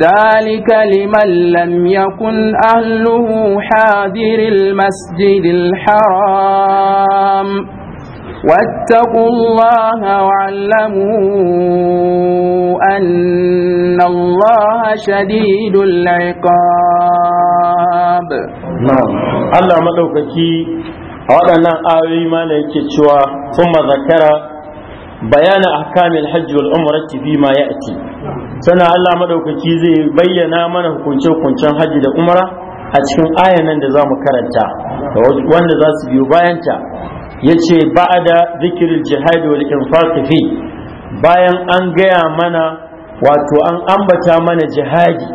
ذلك لمن لم يكن أهله حاضر المسجد الحرام واتقوا الله واعلموا أن الله شديد العقاب نعم الله ملوككي waɗannan ayoyi ma da yake cewa sun zakara bayana ahkamil hajji wal umrati fi ma ya'ti sana Allah madaukaki zai bayyana mana hukunce hukuncen hajji da umra a cikin ayanan nan da zamu karanta wanda za su biyo bayanta yace da zikril jihad wal infaq fi bayan an gaya mana wato an ambata mana jihadi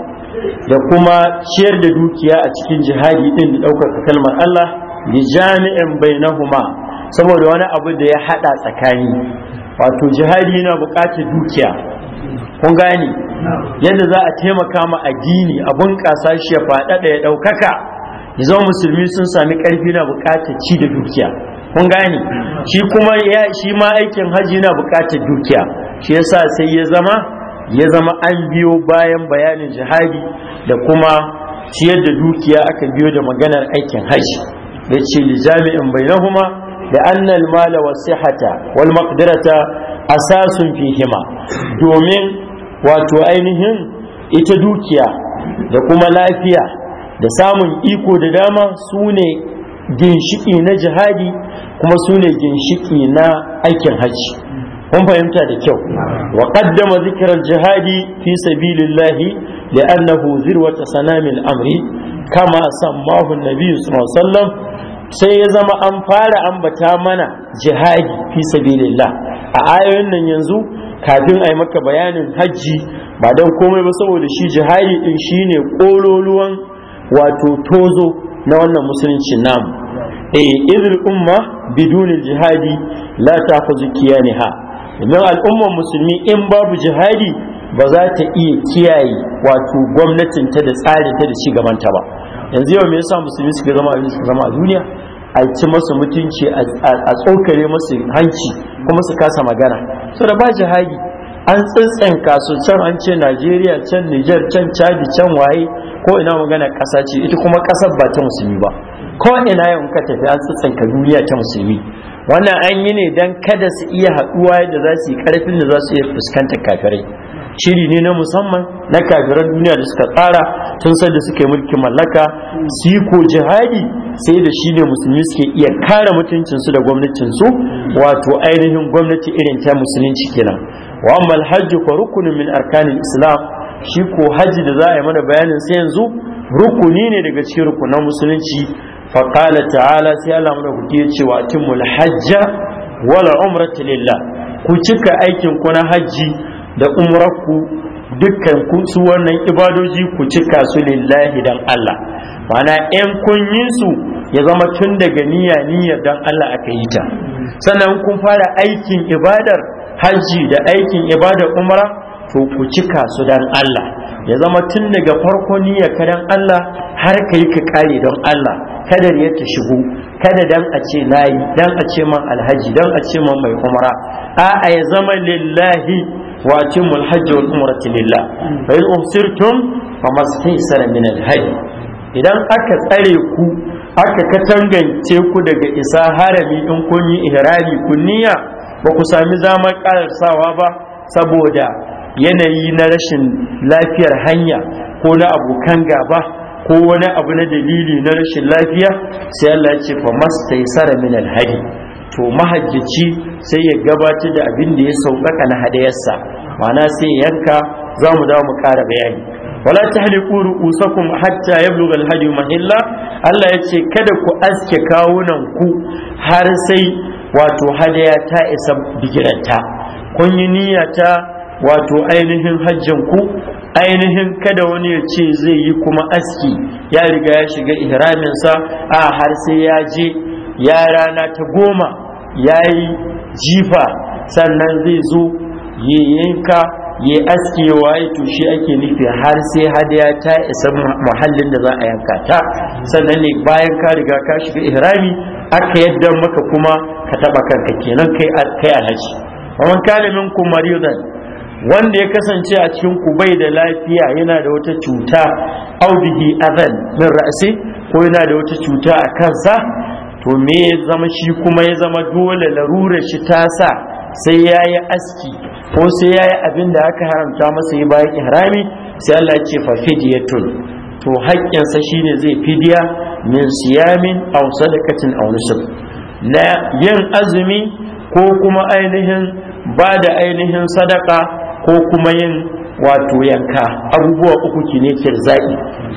da kuma ciyar da dukiya a cikin jihadi din da ɗaukaka kalmar Allah li jami'in bainahuma saboda wani abu da ya hada tsakani wato jihadi yana bukatar dukiya kun gane yadda za a taimaka ma addini a bunƙasa shi ya faɗaɗa ya ɗaukaka zama musulmi sun sami ƙarfi na bukatar ci da dukiya kun gane shi kuma ya shi ma aikin haji na bukatar dukiya shi yasa sai ya zama ya zama an biyo bayan bayanin jihadi da kuma ciyar da dukiya aka biyo da maganar aikin haji da ce li jami'in bainahuma da annal mala sihata wal maqdirata asasun fihima domin wato ainihin ita dukiya da kuma lafiya da samun iko da dama sune. ginshiki na jihadi kuma su ne ginshiki na aikin hajji kun fahimta da kyau wa qaddama zikra jihadi fi sabilillahi li'annahu zirwata sanamil amri kama sammahu an-nabiy sallallahu alaihi wasallam sai ya zama an fara ambata mana jihadi fi sabilillah a ayoyin nan yanzu kafin a yi maka bayanin hajji ba don komai ba saboda shi jihadi din shine kololuwan wato tozo na wannan musulunci nam, eh idil umma biduni jihadi la ne ha, idan al'ummar musulmi in babu jihadi ba za ta iya kiyaye wato gwamnatin ta da tsarin ta da ci gabanta ba yanzu yau me yasa musulmi suke suka zama a duniya a ci masu mutunci a tsokare masu hanci kuma su kasa magana so ba jihadi an tsantsan su can an ce najeriya can niger can chadi can waye ko ina magana ƙasa ce ita kuma ƙasar ba ta musulmi ba ko ina yau ka tafi an ka duniya ta musulmi wannan an yi ne dan kada su iya haɗuwa yadda za su yi ƙarfin da za su iya fuskantar kafirai shiri ne na musamman na kafiran duniya da suka tsara tun sai da suke mulkin mallaka su yi ko jihadi sai da shi ne musulmi suke iya kare mutuncinsu da su, wato ainihin gwamnati irin ta musulunci kenan wa amma alhajj fa rukunin min arkanin islam shi ko haji da za a yi mana bayanin sai yanzu rukuni ne daga cikin rukunan musulunci fa qala ta'ala sai Allah mun da kuke cewa atimul hajja wal umrata lillah ku cika aikin ku na haji da umrarku dukkan ku su wannan ibadoji ku cika su lillahi dan Allah mana ɗan kun su ya zama tun daga niyya niyyar dan Allah aka yi ta sannan kun fara aikin ibadar hajji da aikin ibada umra to ku cika su dan Allah ya zama tun daga farko niyyar ka dan Allah har ka yi ka kare don Allah kada ne ta shigo kada dan a ce nayi dan a ce man alhaji dan a ce man mai umra a ya zama lillahi wa wal umrata lillah fa in أبصرتم fa استيسر min الهدي idan aka tsare ku aka katangance ku daga isa harami in kun yi ihrami kun niyya ba ku sami zamar sawa ba saboda yanayi na rashin lafiyar hanya ko na abokan gaba ko wani abu na dalili na rashin lafiya sai Allah ya ce fa sara min alhadi to mahajjaci sai ya gabatar da abin da ya sauƙaƙa na hadayarsa ma'ana sai yanka za mu dawo mu ƙara bayani wala tahliqu ru'usakum hatta yablugha alhadi mahilla Allah ya ce kada ku aske kawunan ku har sai wato hadaya ta isa bigiranta kun yi niyya ta wato ainihin hajjin ku ainihin kada wani ya ce zai yi kuma aski ya riga ya shiga sa, a har sai ya je ya rana ta goma ya yi jifa sannan zai zo ya yanka ya aski wa to shi ake nufi har sai hadaya ta isa muhallin da za a yanka ta sannan ne bayan ka riga ka shiga ihrami aka yadda maka kuma ka taba kanka kenan kai kai alhaji wannan kana minkum maridan wanda ya kasance a cikin ku bai da lafiya yana da wata cuta aw bihi adan min ra'si ko yana da wata cuta a kansa to me ya zama shi kuma ya zama dole larura shi ta sa sai ya yi aski ko sai ya yi abin da aka haramta masa yi bayan harami sai Allah ya ce fa fidiyatun to haƙƙinsa shine zai fidiya min siyamin aw sadaqatin aw nusuk na yin azumi ko kuma ainihin ba da ainihin sadaka ko kuma yin wato yanka abubuwa uku ki ne zai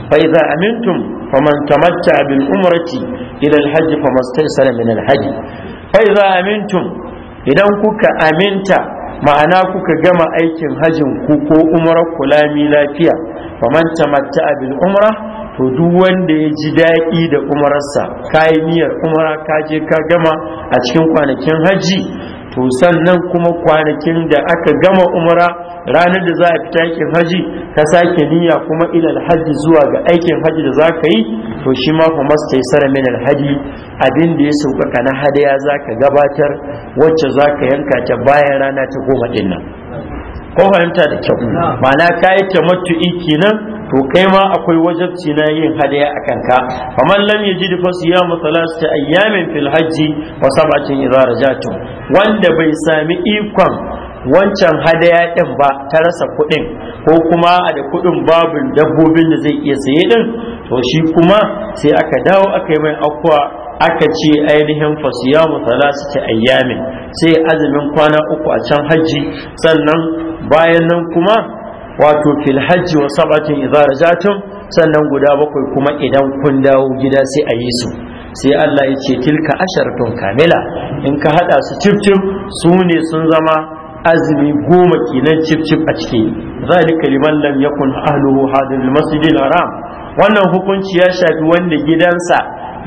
fa idza amintum faman tamatta bil umrati ila al hajj famastaysara min al hajj fa idza amintum idan kuka aminta ma'ana kuka gama aikin hajin ku ko umrar ku lami lafiya faman tamatta bil umrah to duk wanda ya ji daɗi da umararsa ka yi niyyar umara ka je ka gama a cikin kwanakin haji, to sannan kuma kwanakin da aka gama umara ranar da za a fita aikin haji ka sake niyya kuma ilal haji zuwa ga aikin haji da za ka yi to shi ma kuma masta yi sara min alhaji abin da ya sauƙaƙa na hadaya za ka gabatar wacce za ka yanka ta bayan rana ta goma ɗin nan ko fahimta da kyau ma'ana ka yi tamattu'i kenan to kai ma akwai wajabci na yin hadaya a kanka faman lam yajid fa siyamu thalathati ayyamin fil hajji wa sab'atin idza rajatum wanda bai sami ikon wancan hadaya din ba ta rasa kuɗin ko kuma a da kuɗin babu dabbobin da zai iya saye din to shi kuma sai aka dawo aka yi mai akwa aka ce ainihin fasiyamu talasiti ayyamin sai azumin kwana uku a can hajji sannan bayan nan kuma wato fil hajji wa sab'atin idza rajatum sannan guda bakwai kuma idan kun dawo gida sai a yi su sai Allah ya ce tilka asharatun kamila in ka hada su cif su ne sun zama azumi goma kenan cif a ciki zalika liman lam yakun ahluhu hadil masjidil haram wannan hukunci ya shafi wanda gidansa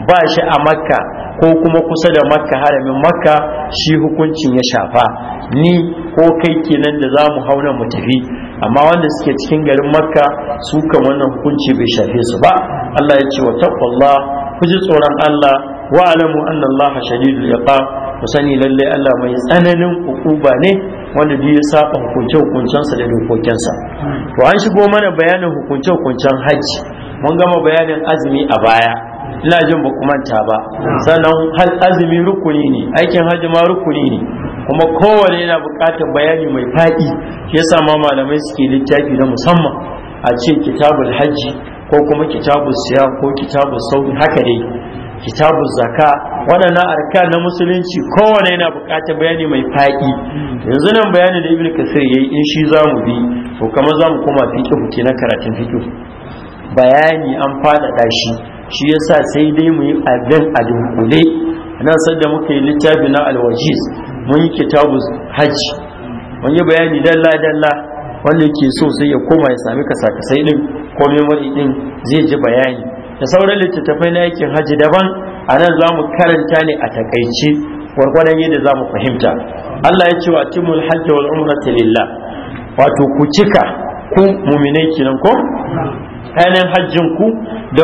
ba shi a makka ko kuma kusa da makka haramin makka shi hukuncin ya shafa ni ko kai kenan da za mu hauna mu tafi amma wanda suke cikin garin makka su kan wannan hukunci bai shafe su ba Allah ya ce wa taqwallah ku ji tsoron Allah wa alamu anna Allah shadidul iqab ku sani lalle Allah mai tsananin hukuma ne wanda duk ya saba hukunce sa da sa. to an shigo mana bayanin hukunce hukuncen hajji mun gama bayanin azumi a baya ina jin ba ku manta ba sannan hal azumi rukuni ne aikin hajji ma rukuni ne kuma kowane yana bukatar bayani mai faɗi shi yasa ma malamai suke littafi na musamman a ce kitabul hajji ko kuma kitabul siya ko kitabul sauri haka dai kitabul zaka waɗannan arka na musulunci kowane yana bukatar bayani mai faɗi yanzu nan bayani da ibn kasir yayi in shi zamu bi to za zamu koma fiqh ke na karatun fiqh bayani an faɗaɗa shi shi yasa sai dai mu yi abin a dunkule nan sadda muka yi littafi na alwajiz mun yi kitabu hajji mun bayani dalla dalla wanda ke so sai ya koma ya sami kasakasai din ko memory din zai ji bayani da sauran littattafai na yakin hajji daban a nan za mu karanta ne a takaice gwargwadon yadda za mu fahimta Allah ya ce wa timul hajji wal umrata lillah wato ku cika ku muminai kenan ko ainihin hajjin ku da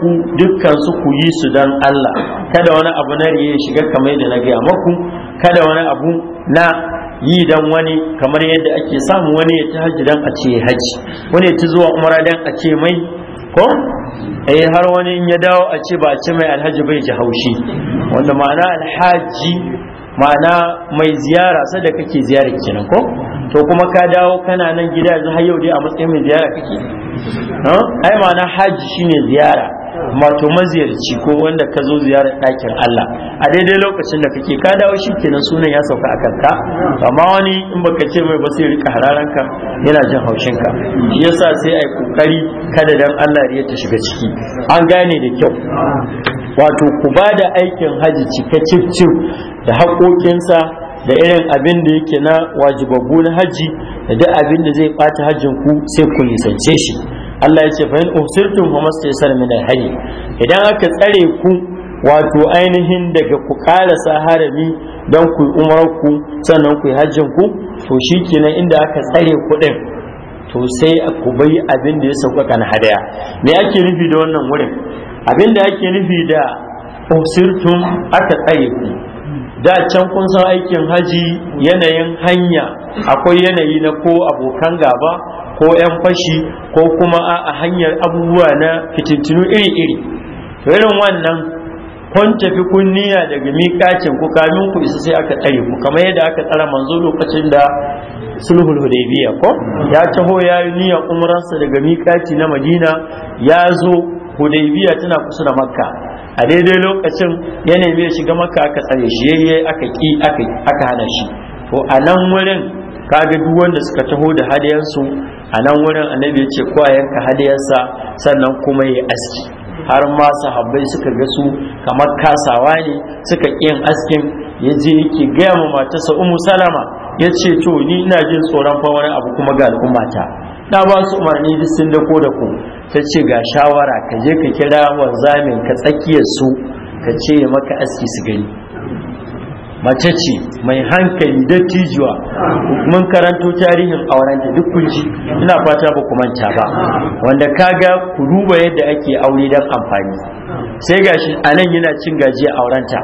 ku dukkan su ku yi su dan Allah kada wani abu na riye shiga kamar yadda na gaya maku kada wani abu na yi dan wani kamar yadda ake samu wani ya ta hajji dan a ce haji wani ya ci zuwa umara dan a ce mai ko eh har wani ya dawo a ce ba a ce mai alhaji bai ji haushi wanda ma'ana alhaji ma'ana mai ziyara sada kake ziyara kenan ko to kuma ka dawo kana nan gida yanzu har yau dai a matsayin mai ziyara kake ai ma'ana haji shine ziyara mato maziyarci ko wanda ka zo ziyara ɗakin Allah a daidai lokacin da kake ka dawo shi kenan sunan ya sauka a kanka amma wani in baka ce mai ba sai rika hararanka yana jin ka, shi yasa sai ai kokari kada dan Allah ya ta shiga ciki an gane da kyau wato ku ba da aikin haji cika cif da haƙoƙinsa da irin abin da yake na wajibabbu na haji da duk abin da zai ɓata hajjin ku sai ku nisance shi Allah ya ce fa in usirtum fa mastaysar min al idan aka tsare ku wato ainihin daga ku ƙara karasa harami don ku yi umarku sannan ku yi hajjin ku to shikenan inda aka tsare ku din to sai ku bai abin da ya sauka na hadaya me ake nufi da wannan wurin Abin da yake nufi da usirtum aka tsaye ku da can kun san aikin haji yanayin hanya akwai yanayi na ko abokan gaba ko 'yan fashi ko kuma a hanyar abubuwa na fitintinu iri-iri irin wannan kun tafi kunniya daga miƙacin ku kamin ku isa sai aka tsare ku kamar yadda aka tsara manzo lokacin da sulhul hudaybiya ko ya taho ya yi niyyar umransa daga miƙaci na Madina ya zo hudaybiya tana kusa da makka a daidai lokacin ya nemi ya shiga makka aka tsare shi yayye aka ki aka hana shi to a nan wurin kaga duk wanda suka taho da hadayansu a nan wurin annabi ya ce ko a yanka sannan kuma ya aski har ma sahabbai suka ga su kamar kasawa ne suka kiyin askin ya je yake gaya ma matarsa umu salama ya ce to ni ina jin tsoron fa wani abu kuma ga al'ummata na ba su umarni duk sun ko da ku ta ce ga shawara ka je ka kira wanzamin ka tsakiyar su ka ce maka aski su gani mace ce mai hankali da tijuwa mun karanto tarihin aurenta duk kun ji ina fata ba ku manta ba wanda kaga ku duba yadda ake aure don amfani sai gashi a nan yana cin gaji aurenta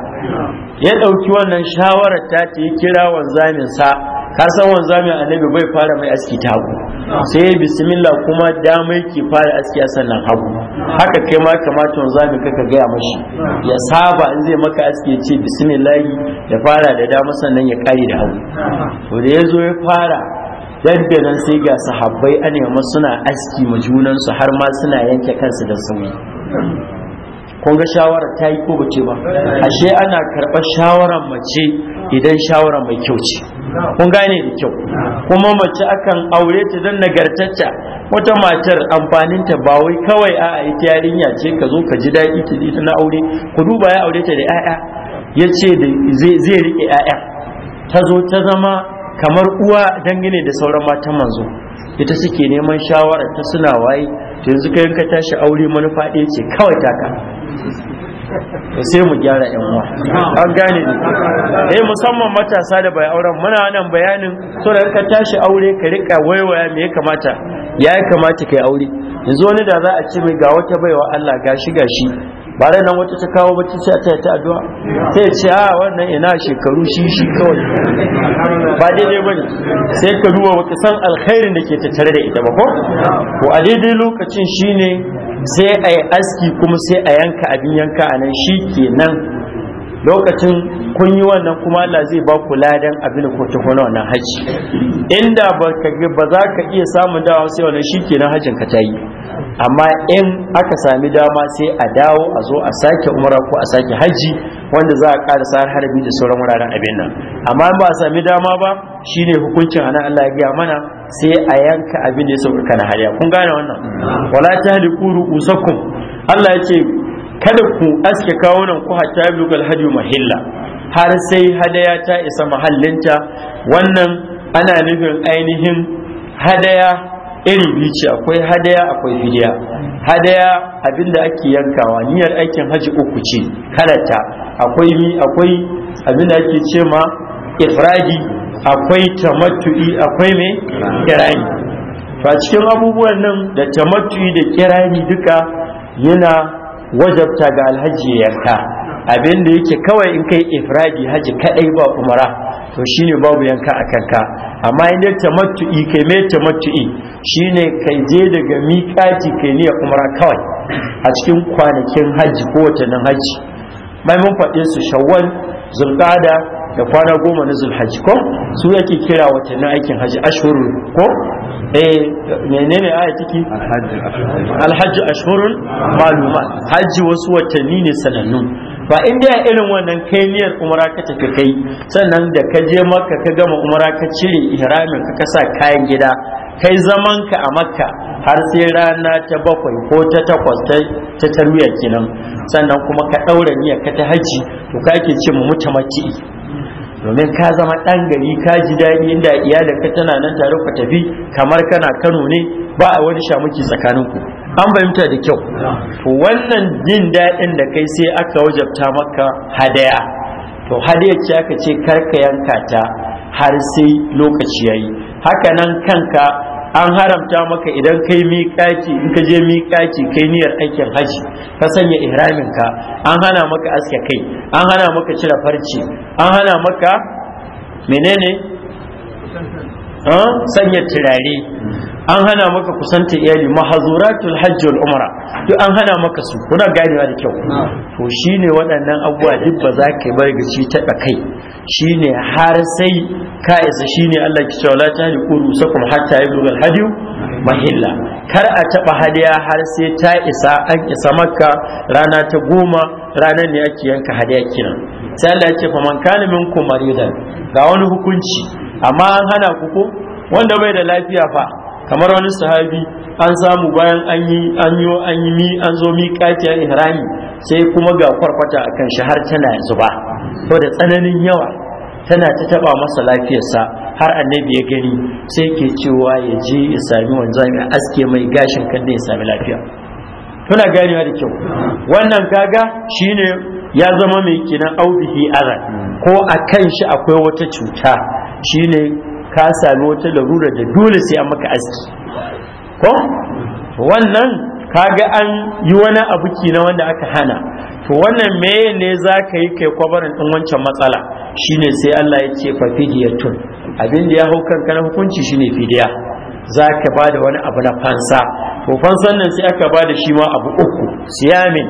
ya ɗauki wannan shawarar ta ta yi kira wanzamin sa ka san wanzami annabi bai fara mai aski ta hagu sai bismillah kuma damai ke fara aski a sannan hagu haka kai ma kamata wanzami kaka gaya mashi ya saba in zai maka aski ya ce bismillah ya fara da dama sannan ya kare da hagu to da ya zo ya fara yadda nan sai ga sahabbai anema suna aski ma junansu har ma suna yanke kansu da sauyi Kunga ga shawarar ta yi ko bace ba ashe ana karɓar shawarar mace idan shawara mai kyau ce kun gane da kyau kuma mace akan aure ta don nagartacca wata matar amfaninta ba wai kawai a'a ita yarinya ce ka zo ka ji daɗi ta ita na aure ku duba ya aure ta da 'ya'ya ya ce zai riƙe 'ya'ya ta zo ta zama kamar uwa dangane da sauran matan manzo ita suke neman shawara ta suna waye yanzu kai ka tashi aure manufa ɗaya ce kawai taka sai mu gyara yan uwa an gane ne eh musamman matasa da bai auren muna nan bayanin to da ka tashi aure ka rika waiwaya me ya kamata ya kamata kai aure yanzu wani da za a ce mai ga wata baiwa Allah gashi gashi ba rai nan wata ta kawo bacci sai ta ta addu'a sai ce a ah, wannan ina shekaru shi shi kawai ba daidai bane sai ka duba wata san alkhairin da ke tattare da ita ba ko ko a daidai lokacin shine sai a yi aski kuma sai a yanka abin yanka a nan shi kenan lokacin kun yi wannan kuma Allah zai ba ku ladan abin ko ta kona wannan haji inda ba ba za ka iya samun dawa sai wannan shikenan hajjin ka tayi amma in aka sami dama sai a dawo a zo a sake umra ko a sake haji wanda za a ƙara sa harbi da sauran wuraren abin nan amma ba a sami dama ba shine hukuncin ana Allah ya gaya mana sai a yanka abin da ya sauka na hariya kun gane wannan wala tahliqu ru'usakum Allah ya ce kada ku aske kawunan ku hatta yugal hadiyu mahilla har sai hadaya ta isa mahallinta wannan ana nufin ainihin hadaya iri biyu ce akwai hadaya akwai fidiya hadaya abinda ake yankawa niyyar aikin hajji uku ce karata akwai mi akwai abinda ake ce ma ifradi akwai tamattu'i akwai me kirani to a cikin abubuwan nan da tamattu'i da kirani duka yana wajabta ga alhaji ya yanka abin da yake kawai in kai ifradi haji kadai ba umara to shine babu yanka a kanka amma in dai tamattu'i kai mai tamattu'i shine kai je daga miƙati kai ne umara kawai a cikin kwanakin haji ko watannin haji mai mun faɗe su shawwal zulqada da kwana goma na zulhajji ko su yake kira watannin aikin hajji ashhurul ko eh menene aya ciki Alhaji ashhurul maluma hajji wasu watanni ne sanannu ba in da irin wannan kai niyyar umara ka tafi kai sannan da ka je makka ka gama umara ka cire ihramin ka kasa kayan gida kai zaman ka a makka har sai rana ta bakwai ko ta takwas ta tarwiya kenan sannan kuma ka ɗaura niyyar ka ta hajji to kake ce mu mati'i. domin ka zama ɗan gari ka ji daɗi inda iyalinka tana nan tare ka tafi kamar kana kano ne ba a wani shamuki tsakaninku an fahimta da kyau wannan jin daɗin da kai sai aka wajabta maka hadaya to hadaya ce aka ce karka yanka ta har sai lokaci yayi haka nan kanka an haramta maka idan kai miƙaci in ka je miƙaci kai niyyar aikin haji ka sanya ihramin ka an hana maka aske kai an hana maka cire farci, an hana maka menene sanya turare an hana maka kusanta iyali mahazuratul hajji wal umra duk an hana maka su kuna ganewa da kyau to shine waɗannan abubuwa duk ba za ka bar gaci ta kai shine har sai ka isa shine Allah ki cewa la ta liqulu sakum hatta yablugha al hadiyu mahilla kar a taba hadiya har sai ta isa an isa makka rana ta goma ranar ne ake yanka hadiya kinan sai Allah ya ce fa man kana minkum maridan ga wani hukunci amma an hana ku ko wanda bai da lafiya fa kamar wani sahabi an samu bayan an yi an yi an yi mi an zo mi katiyar ihrami sai kuma ga kwarkwata akan shi har tana zuba da tsananin yawa tana ta taba masa lafiyarsa har annabi ya gani sai ke cewa ya je ya sami wanzami a aske mai gashin kan ya sami lafiya kuna ganewa da kyau wannan kaga shine ya zama mai kinan aubihi azan ko akan shi akwai wata cuta shine ka sami wata larura da dole sai an maka aski ko wannan ga an yi wani abu na wanda aka hana to wannan meye ne za ka yi kai kwabarin ɗin wancan matsala shine sai Allah ya ce fa fidiyatun abin da ya hau kanka na hukunci shine fidiya za ka ba da wani abu na fansa to fansan nan sai aka ba da shi ma abu uku siyamin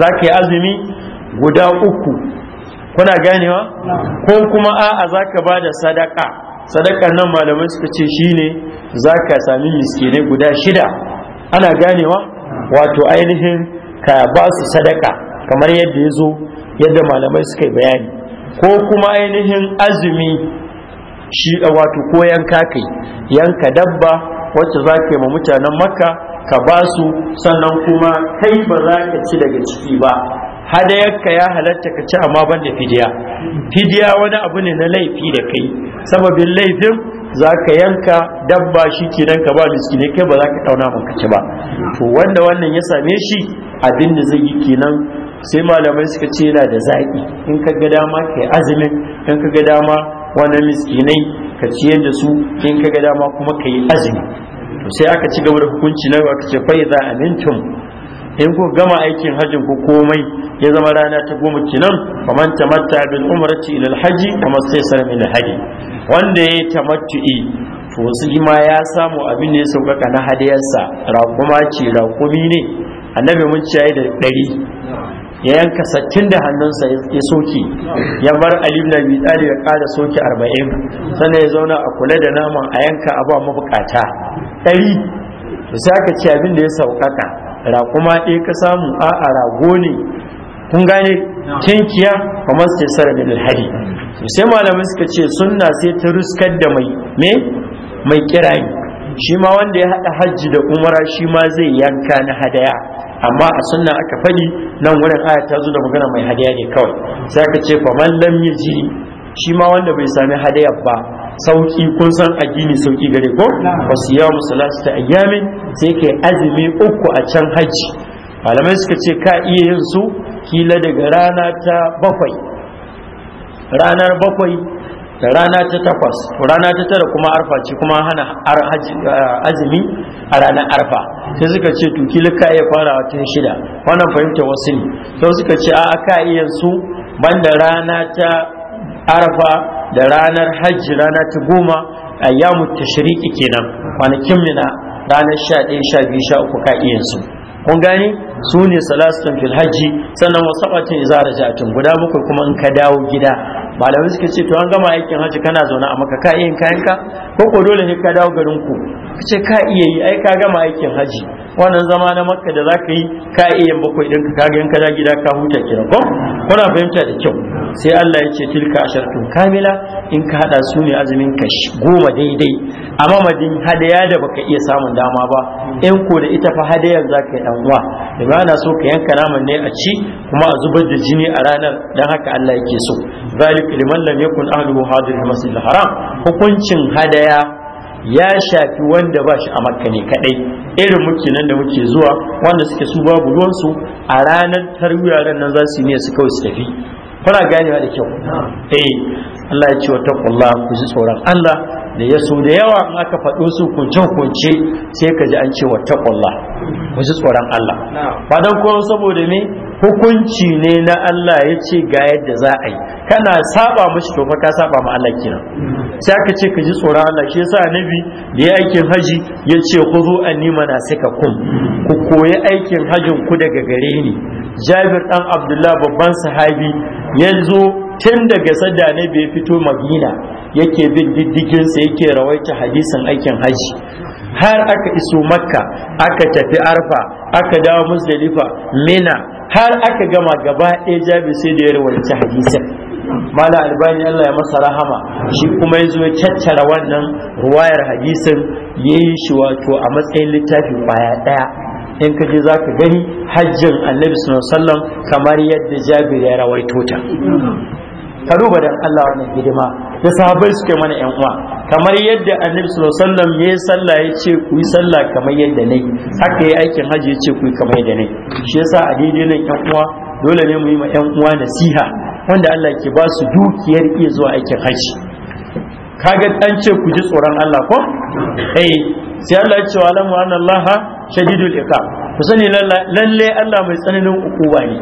za ka yi azumi guda uku kuna ganewa ko kuma a'a za ka ba da sadaka sadakar nan malamai suka ce shine za ka sami miskinai guda shida ana ganewa wato ainihin ka ba su sadaka kamar yadda ya zo yadda malamai suka yi bayani ko kuma ainihin azumi shi wato ko yanka kai yanka dabba wacce za ka yi ma mutanen makka ka ba su sannan kuma kai ba za ka ci daga ciki ba hadayarka ya halatta ka ci amma ban da fidiya fidiya wani abu ne na laifi da kai sababin laifin za ka yanka dabba shi kenan ka ba miskine kai ba za ka tauna ka ci ba to wanda wannan ya same shi abin da zai yi kenan sai malamai suka ce yana da zaƙi in ka ga dama ka yi azumin in ka ga dama wani miskinai ka ciyar da su in ka ga dama kuma ka yi azumi sai aka ci gaba da hukunci na aka ce fa amintum in ku gama aikin hajjin ku komai ya zama rana ta goma kinan faman tamatta bil umrati ila al haji sai salam ila wanda ya tamattu'i to su ma ya samu abin da ya sauƙaƙa na hadiyarsa raƙuma ce raƙumi ne annabi mun ciyayi da ɗari ya yanka sattin da hannunsa ya soke ya bar ali ibn abi talib ya ƙara soke arba'in sannan ya zauna a kula da naman a yanka a ba mabukata ɗari sai aka ce abin da ya sauƙaƙa raƙuma ɗaya ka samu a'a rago ne kun gane kinkiya kamar sai sara min alhadi sai malamai suka ce sunna sai ta ruskar da mai me mai kirani shi ma wanda ya haɗa hajji da umara shi ma zai yanka na hadaya amma a sunna aka faɗi nan wurin aya ta zo da magana mai hadaya ne kawai sai aka ce faman lam yaji shi ma wanda bai sami hadayar ba sauki kun san addini sauki gare ko ba su yawon salatu ta ayyami sai kai azumi uku a can hajji malamai suka ce ka iya yin su kila daga rana ta bakwai ranar bakwai da rana ta takwas rana ta tara kuma arfa ce kuma hana eh, azumi a ranar arfa sai suka ce to kila ka iya farawa tun shida wannan fahimta wasu ne sai suka ce a ka iya su banda rana ta arafa da ranar hajji rana ta goma a ayyamu tashiriki kenan kwanakin mina ranar sha ɗaya sha biyu sha uku ka iya su kun gane su ne salasun fil hajji sannan wasu ɓatin izara jatun guda bakwai kuma in ka dawo gida malamai suka ce to an gama aikin hajji kana zaune a maka ka iya yin kayanka ko ko dole ne ka dawo garin ku ce ka iya yi ai ka gama aikin hajji wannan zama na makka da za ka yi ka iya bakwai ɗinka ka ga yanka gida ka huta kira ko kuna fahimta da kyau sai Allah ya ce tilka asharatu kamila in ka hada su ne azumin ka goma daidai a mamadin hadaya da baka iya samun dama ba in ko da ita fa hadayar za ka yi dan uwa da na so ka yanka naman ne a ci kuma a zubar da jini a ranar dan haka Allah yake so zalika liman lam yakun ahluhu hadir masjidil haram hukuncin hadaya ya shafi wanda ba shi a makka ne kadai irin muke nan da muke zuwa wanda suke su babu ruwansu a ranar tarwiyar nan za su ne su kawai su tafi kuna ganewa da kyau eh Allah ya ce wa taqullah ku ji tsoron Allah da ya so da yawa in aka faɗo su kunce kunce sai ka ji an ce wa taqullah ku ji tsoron Allah ba dan ko saboda me hukunci ne na Allah ya ce ga yadda za a yi kana saba mashi to fa ka saba ma Allah kenan sai aka ce ka ji tsoron Allah shi yasa annabi da ya aikin haji ya ce khudhu anni kun. ku koyi aikin hajin ku daga gare ni Jabir dan Abdullah babban sahabi yanzu tun daga sadda ne ya fito Madina yake bin diddigin sa yake rawaita hadisin aikin haji har aka iso makka aka tafi arfa aka dawo musdalifa mina har aka gama gaba ɗaya jabi sai da ya rawaita hadisin mala albani Allah ya masa rahama shi kuma ya zo ya caccara wannan ruwayar hadisin ya yi shi wato a matsayin littafi baya ɗaya in ka je za ka gani hajjin annabi sallam kamar yadda Jabi ya rawaito ta ka duba dan Allah wannan hidima da sahabai suke mana yan uwa kamar yadda annabi sallallahu alaihi wasallam yayi sallah ya ku yi sallah kamar yadda nayi haka yayi aikin haji ya ce ku yi kamar yadda nayi shi yasa a daidai nan yan uwa dole ne mu yi ma yan uwa nasiha wanda Allah ke ba su dukiyar iya zuwa aikin haji kaga an ce ku ji tsoron Allah ko eh sai Allah ya ce wa lamu anallaha Allah shadidul iqab ku sani lalle Allah mai tsananin ukuba ne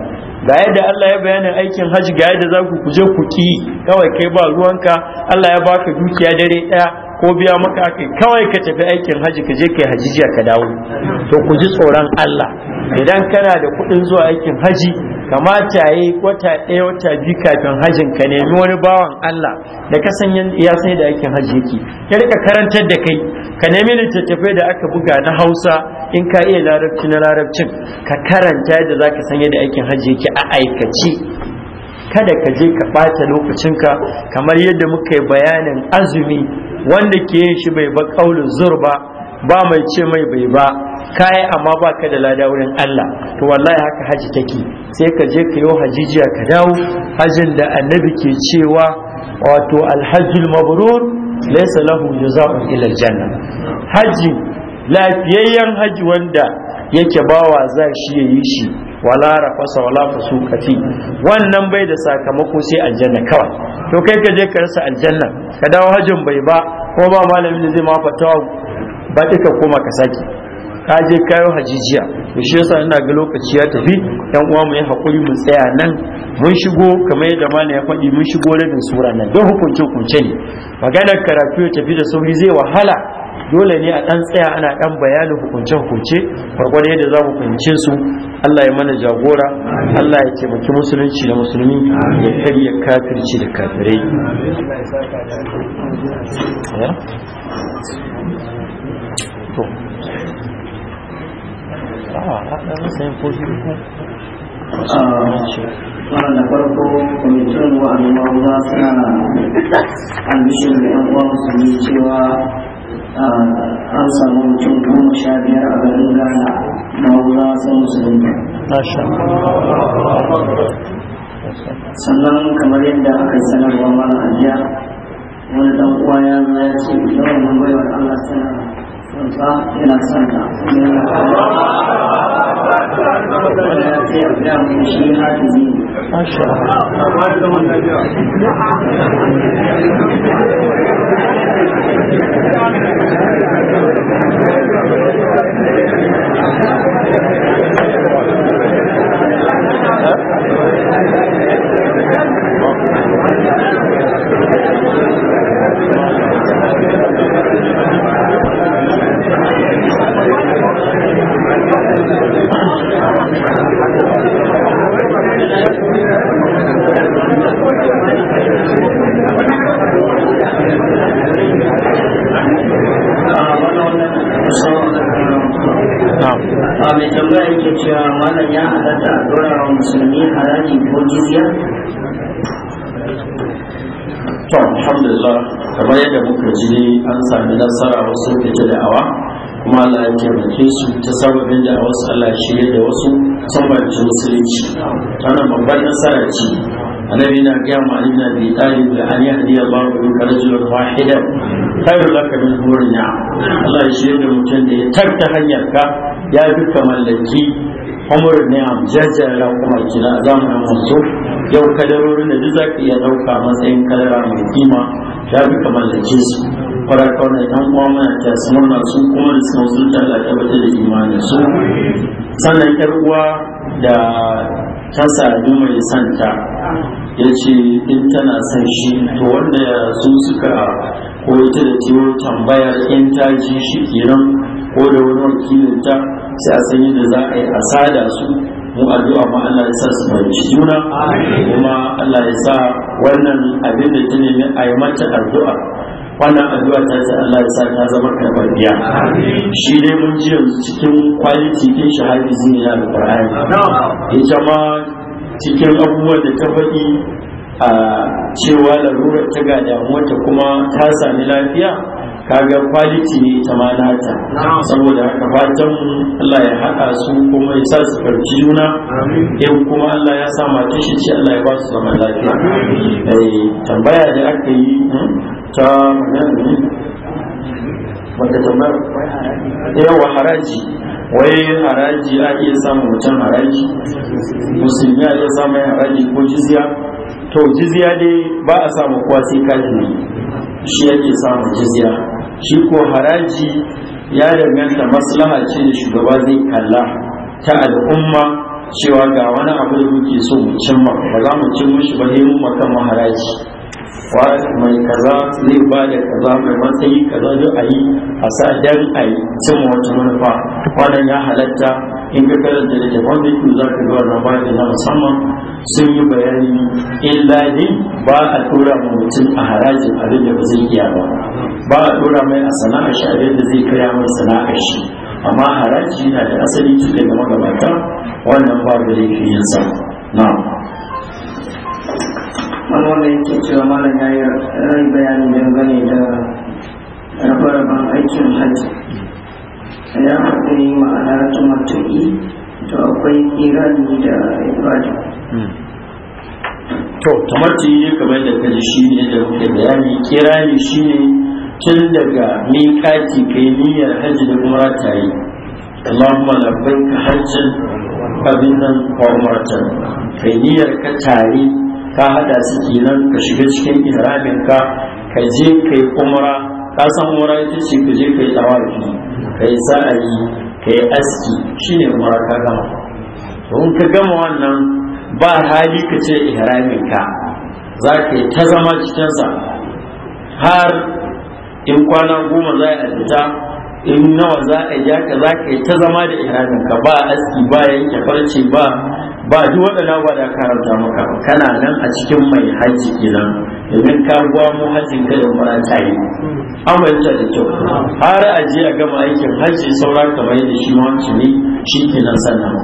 ga yadda Allah ya bayani aikin hajji ga yadda za ku kuje ku kawai kai ba ruwanka Allah ya baka dukiya dare daya ko biya maka aka kawai ka tafi aikin haji ka je kai haji jiya ka dawo to ku ji tsoron Allah idan kana da kuɗin zuwa aikin haji kamata yayi wata ɗaya wata biyu kafin hajin ka nemi wani bawan Allah da ka san ya sai da aikin haji yake Ka rika karantar da kai ka nemi littattafai da aka buga na Hausa in ka iya larabci na larabcin ka karanta yadda zaka san yadda aikin haji yake a aikace kada ka je ka ɓata lokacinka kamar yadda muka yi bayanin azumi wanda ke yin shi bai ba kaulin zur ba ba mai ce mai bai ba kai amma ba ka da lada wurin Allah to wallahi haka haji take sai ka je ka yi hajijiya ka dawo hajin da annabi ke cewa wato alhajjul mabrur laysa lahu jazaa'un ila aljanna haji lafiyayyen haji wanda yake bawa za shi yayi shi wala rafasa wala fusuka wannan bai da sakamako sai aljanna kawai to kai ka je ka rasa aljanna ka dawo hajjin bai ba ko ba malamin da zai ma fatawa ba ka koma ka saki ka je kayo hajijiya to shi yasa ina ga lokaci ya tafi yan uwa mu yi hakuri mu tsaya nan mun shigo kamar yadda malam ya faɗi mun shigo rabin sura nan don hukunce hukunce ne maganar karatu ya tafi da sauri zai wahala dole ne a ɗan tsaya ana ɗan bayanin hukunce-hukunce farkon yadda za mu fahimce su Allah ya mana jagora Allah ya taimaki musulunci da musulmi ya karya kafirci da kafirai wannan farko kwamitin wa annabawa suna albishin da yan uwa musulmi cewa an samu mutum goma sha biyar a garin na mawuza sun musulunta sannan kamar yadda aka sanarwa mara ajiya wani dan kwaya ya ce ita wannan allah الأنصار إلى صنعاء فيبدأ من شيعته ما شاء الله Ah, mai tambaya yake cewa malam ya halatta a ɗora wa musulmi haraji ko jizya? to alhamdulillah kamar yadda muka ji an sami nasara wasu fice da awa kuma Allah ya taimake su ta sababin da a wasu Allah shirya da wasu sababin musulunci wannan babban nasara ce annabi na ga ma Ali bi talib da an ba Allah bi rajul wahida khairu laka min hurna Allah ya shirya da mutum da ya tarta hanyar ka ya bi mallaki umar ne am jajjara kuma kina na musu yau kadarorin da duk zaka iya dauka matsayin kadara mai kima ya bi mallake su kwarakwa na yan uwa mana ta sanar su kuma da suna sun ta Allah tabbatar da imanin su sannan yar uwa da ta sadu mai santa ya ce in tana son shi to wanda su suka koyi ta da ciwo tambaya in ta ji shi kenan ko da wani wakilinta sai a san yadda za a yi asada su mu addu'a ma Allah ya sa su fahimci juna kuma Allah ya sa wannan abin da ta nemi a yi mata addu'a wannan addu'a ta ce Allah ya sa ta zama biya shi dai mun ji yanzu cikin kwaliti din shahadi zini na da ita ma cikin abubuwan da ta faɗi a cewa larurar ta ga damuwa ta kuma ta sami lafiya kaga kwaliti ne ta manata saboda haka fatan Allah ya haɗa su kuma ya sa su karfi juna yau kuma Allah ya sa mata shi ce Allah ya ba su zaman lafiya eh, tambaya da aka yi hmm, ta wata jamar wa haraji wai haraji a iya samun mutum haraji musulmi a iya samun haraji ko jizya to jizya dai ba a samu kowa sai ne, shi yake samun jizya shi ko haraji ya danganta maslaha ce da shugaba zai kalla ta al'umma cewa ga wani abu da muke so mu cimma ba za mu cin mushi ba ne mu makan haraji. wani mai kaza zai ba da kaza mai matsayi kaza zai a yi a sa dan a yi cin wata manufa wannan ya halatta in ka karanta da jafan da ke za ka ga ba da na musamman sun yi bayani in ladi ba a tura ma mutum a harajin abin da ba zai iya ba ba a tura mai a sana'ar shi abin da zai kaya mai sana'ar shi amma haraji na da asali tun daga magabata wannan ba da yake yin sa na'am wani wanda yake cewa malam ya yi rai bayani dangane da rabe-raben aikin hajji ya faɗi ma'anar tumatu'i to akwai kirani da ibada hmm. to tumatu'i kamar da kaji shi ne da muke bayani kirani shi ne tun daga miƙati kai niyyar hajji da kuma ta yi Allahumma labbaika hajjan abin nan wa umratan kai niyyar ka tare ka hada su kenan ka shiga cikin ihramin ka ka je kai umra ka san umra ita ce ka je kai tawafi kai sa'ayi kai aski shine umra ka gama to ka gama wannan ba hali ka ce ihramin ka za ka yi ta zama cikinsa har in kwana goma za a fita in nawa za a ja ka za ka yi ta zama da ihramin ka ba aski ba yanke farce ba ba duk waɗannan ba da karanta maka kana nan a cikin mai haji kenan idan ka ruwa mu hajin ka da fara ta yi da kyau har a je a gama aikin haji saura kamar yadda shi ma ne shi kenan sannan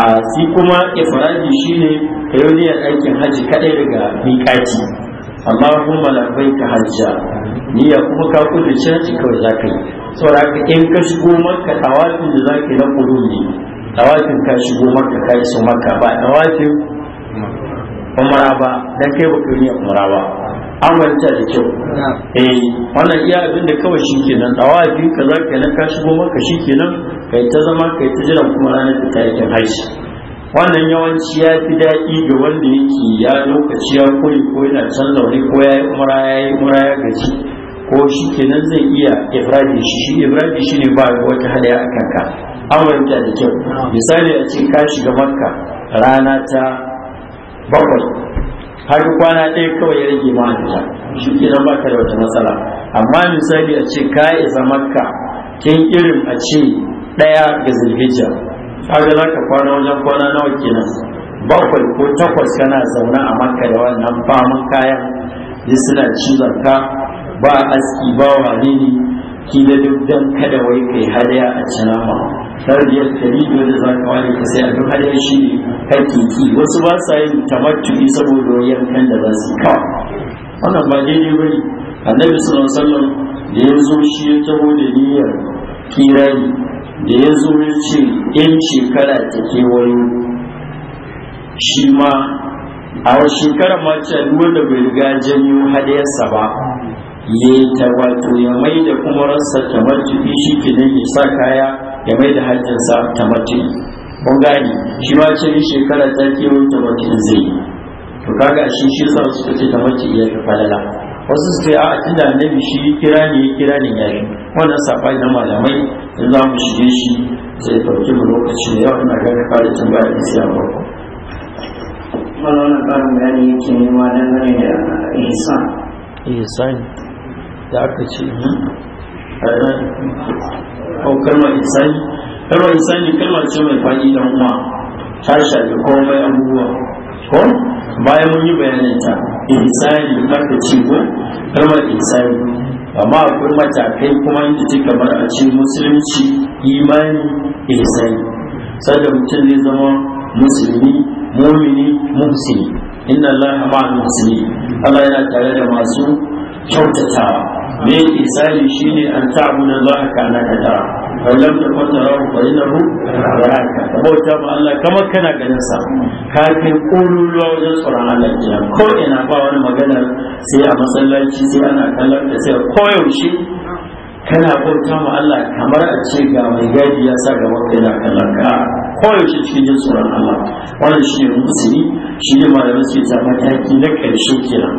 a si kuma ifradi shine kayo ne aikin haji kaɗai daga Amma kuma Allahumma ka hajja niyya kuma ka kudu shi kawai za ka yi saboda in ka shigo maka tawafin da za ka yi na kudu ne tawafin ka shigo maka ka iso maka ba tawafin umara ba dan kai baka yi umara ba an wanta da kyau eh wannan iya abin da kawai shi kenan tawafin ka za ka yi na ka shigo maka shi kenan kai ta zama kai ta jiran kuma ranar ta yi yakin haishi wannan yawanci ya fi daɗi ga wanda yake ya lokaci ya koyi ko yana can zaune ko ya yi umara, ya yi umara, ya gaji ko shi kenan zai iya ibrahim shi shi ibrahim shi ne ba wata hadaya a kanka an da kyau misali a ce ka shiga makka rana ta bakwai har kwana ɗaya kawai ya rage ma fita shi kenan ba ka da wata matsala amma misali a ce ka isa makka kin irin a ce ɗaya ga zulhijja kaga za ka kwana wajen kwana nawa kenan bakwai ko takwas kana zaune a maka da wannan faman kayan Ni suna cizon ka ba aski ba wane ne da duk dan kada wai kai hadaya a cina ma tarbiyyar kalibi da za ka ware ka sai a duk hadaya shi kai ki wasu ba sa yin tamattu'i saboda yankan da za su kawo wannan ba daidai ba ne annabi sallallahu alaihi wasallam da ya zo shi ya taho da niyyar kirari da ya zo ya ce in shekara ta kewayo shi ma a wa shekara ma ce wanda bai riga janyo hadayarsa ba ya yi ta wato ya mai da kuma rasa tamartufi shi nan ya sa kaya ya mai da hajjinsa tamartufi kun gani shi ma ce shekara ta kewayo mace zai yi to kaga shi shi sa su ce mace iya fi falala wasu su ce a tun da annabi shi kira ne kira ne ya yi wannan saɓani na malamai in za mu shige shi zai ɗauki mu lokaci da yawa ina ganin ƙara tambaya da siya farko. wani wannan ƙarin bayani yake nema dangane da ihsan. ihsan da aka ce hmm? ni ko kalmar ihsani kalmar ne kalmar ce mai fadi da kuma ta shafi komai abubuwa ko bayan mun yi bayanin ta ihsani aka ce ko kalmar insani amma akwai matakai kuma inda take kamar a ce musulunci imani insani sadda mutum zai zama musulmi mumini muhsini inna allaha ma Musulmi. Allah yana tare da masu kyautatawa me isali shine an ta'budu allaha kana tara wallan ta kwanta rahu fa inna hu yaraka bauta ma Allah kamar kana ganin sa ka kai kololuwa wajen tsoron Allah kina ko ina ba wani magana sai a masallaci sai ana kallon da sai koyaushe kana bauta ma Allah kamar a ce ga mai gadi ya sa ga kai na kallon ka koyaushe cikin jin tsoron Allah wannan shi ne musulmi shi ne malamai suke sa mataki na ƙarshe kenan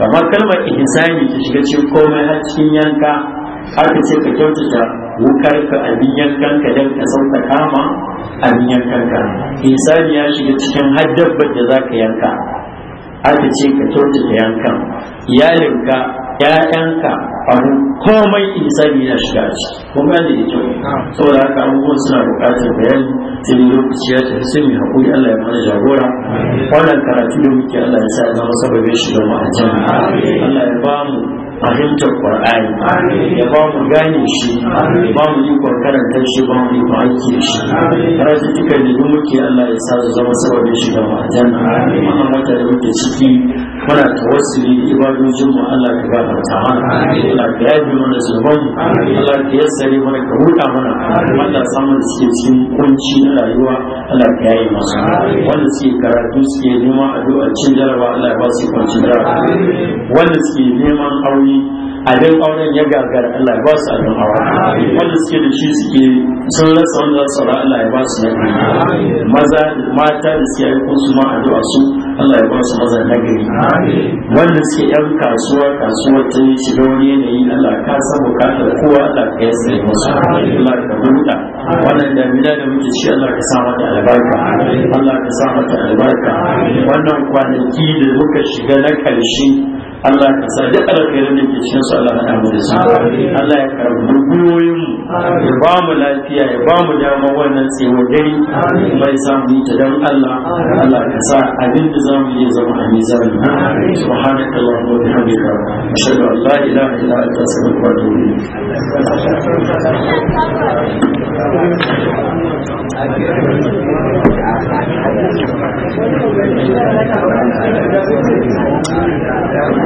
kamar kalmar ihsani ta shiga cikin komai har cikin yanka aka ce ka kyautata wukar ka abin yankan kanka don ka sauka kama abin yankan kanka, misali ya shiga cikin haddabbar da za ka yanka aka ce ka ta yanka, iyalinka ‘ya'yanka abu komai isani ya shiga ci kuma da ya kyau saboda haka abubuwan suna buƙatar bayani sai lokaci ya tafi sai mai haƙuri Allah ya mana jagora wannan karatu da muke Allah ya sa ya zama sababin shiga mu a Allah ya ba mu fahimtar Qur'ani ya ba mu gane shi ya ba mu ikon karanta shi ba mu ikon aiki shi karatu duka ne mu muke Allah ya sa su zama shi shiga mu aljanna wannan wata da muke ciki muna tawassuli da ibadojin mu Allah ka gafarta mana Allah ka biyu mana zuban Allah ka yassare mana ka huta mana Allah samun da suke cikin kunci na rayuwa Allah ka yi masu wanda suke karatu suke neman addu'a cin jarabawa Allah ya ba su kwanci jarabawa wanda suke neman aure aure abin auren ya gagara Allah ya ba su abin aure wanda suke da shi suke sun rasa wanda za su ra Allah ya ba su na maza mata da suke aiko su ma addu'a su Allah ya ba su maza na gari wanda suke yan kasuwa kasuwa ta yi shiga wani yanayi Allah ka san bukatar kowa Allah ka yasa ya musu Allah ka buɗa wannan damina da muke shi Allah ka sa mata albarka Allah ka sa mata albarka wannan kwanaki da muka shiga na karshe Allah ka sa duk alkhairin da ke cikin sallah na ka mu da su Allah ya karbi goyon mu ya ba mu lafiya ya ba mu dama wannan tsewa dare bai samu ni ta dan Allah Allah ka sa abin da zamu yi zama a mizan subhanakallah wa bihamdika ashhadu an la ilaha illa anta astaghfiruka wa atubu ilayk Thank you.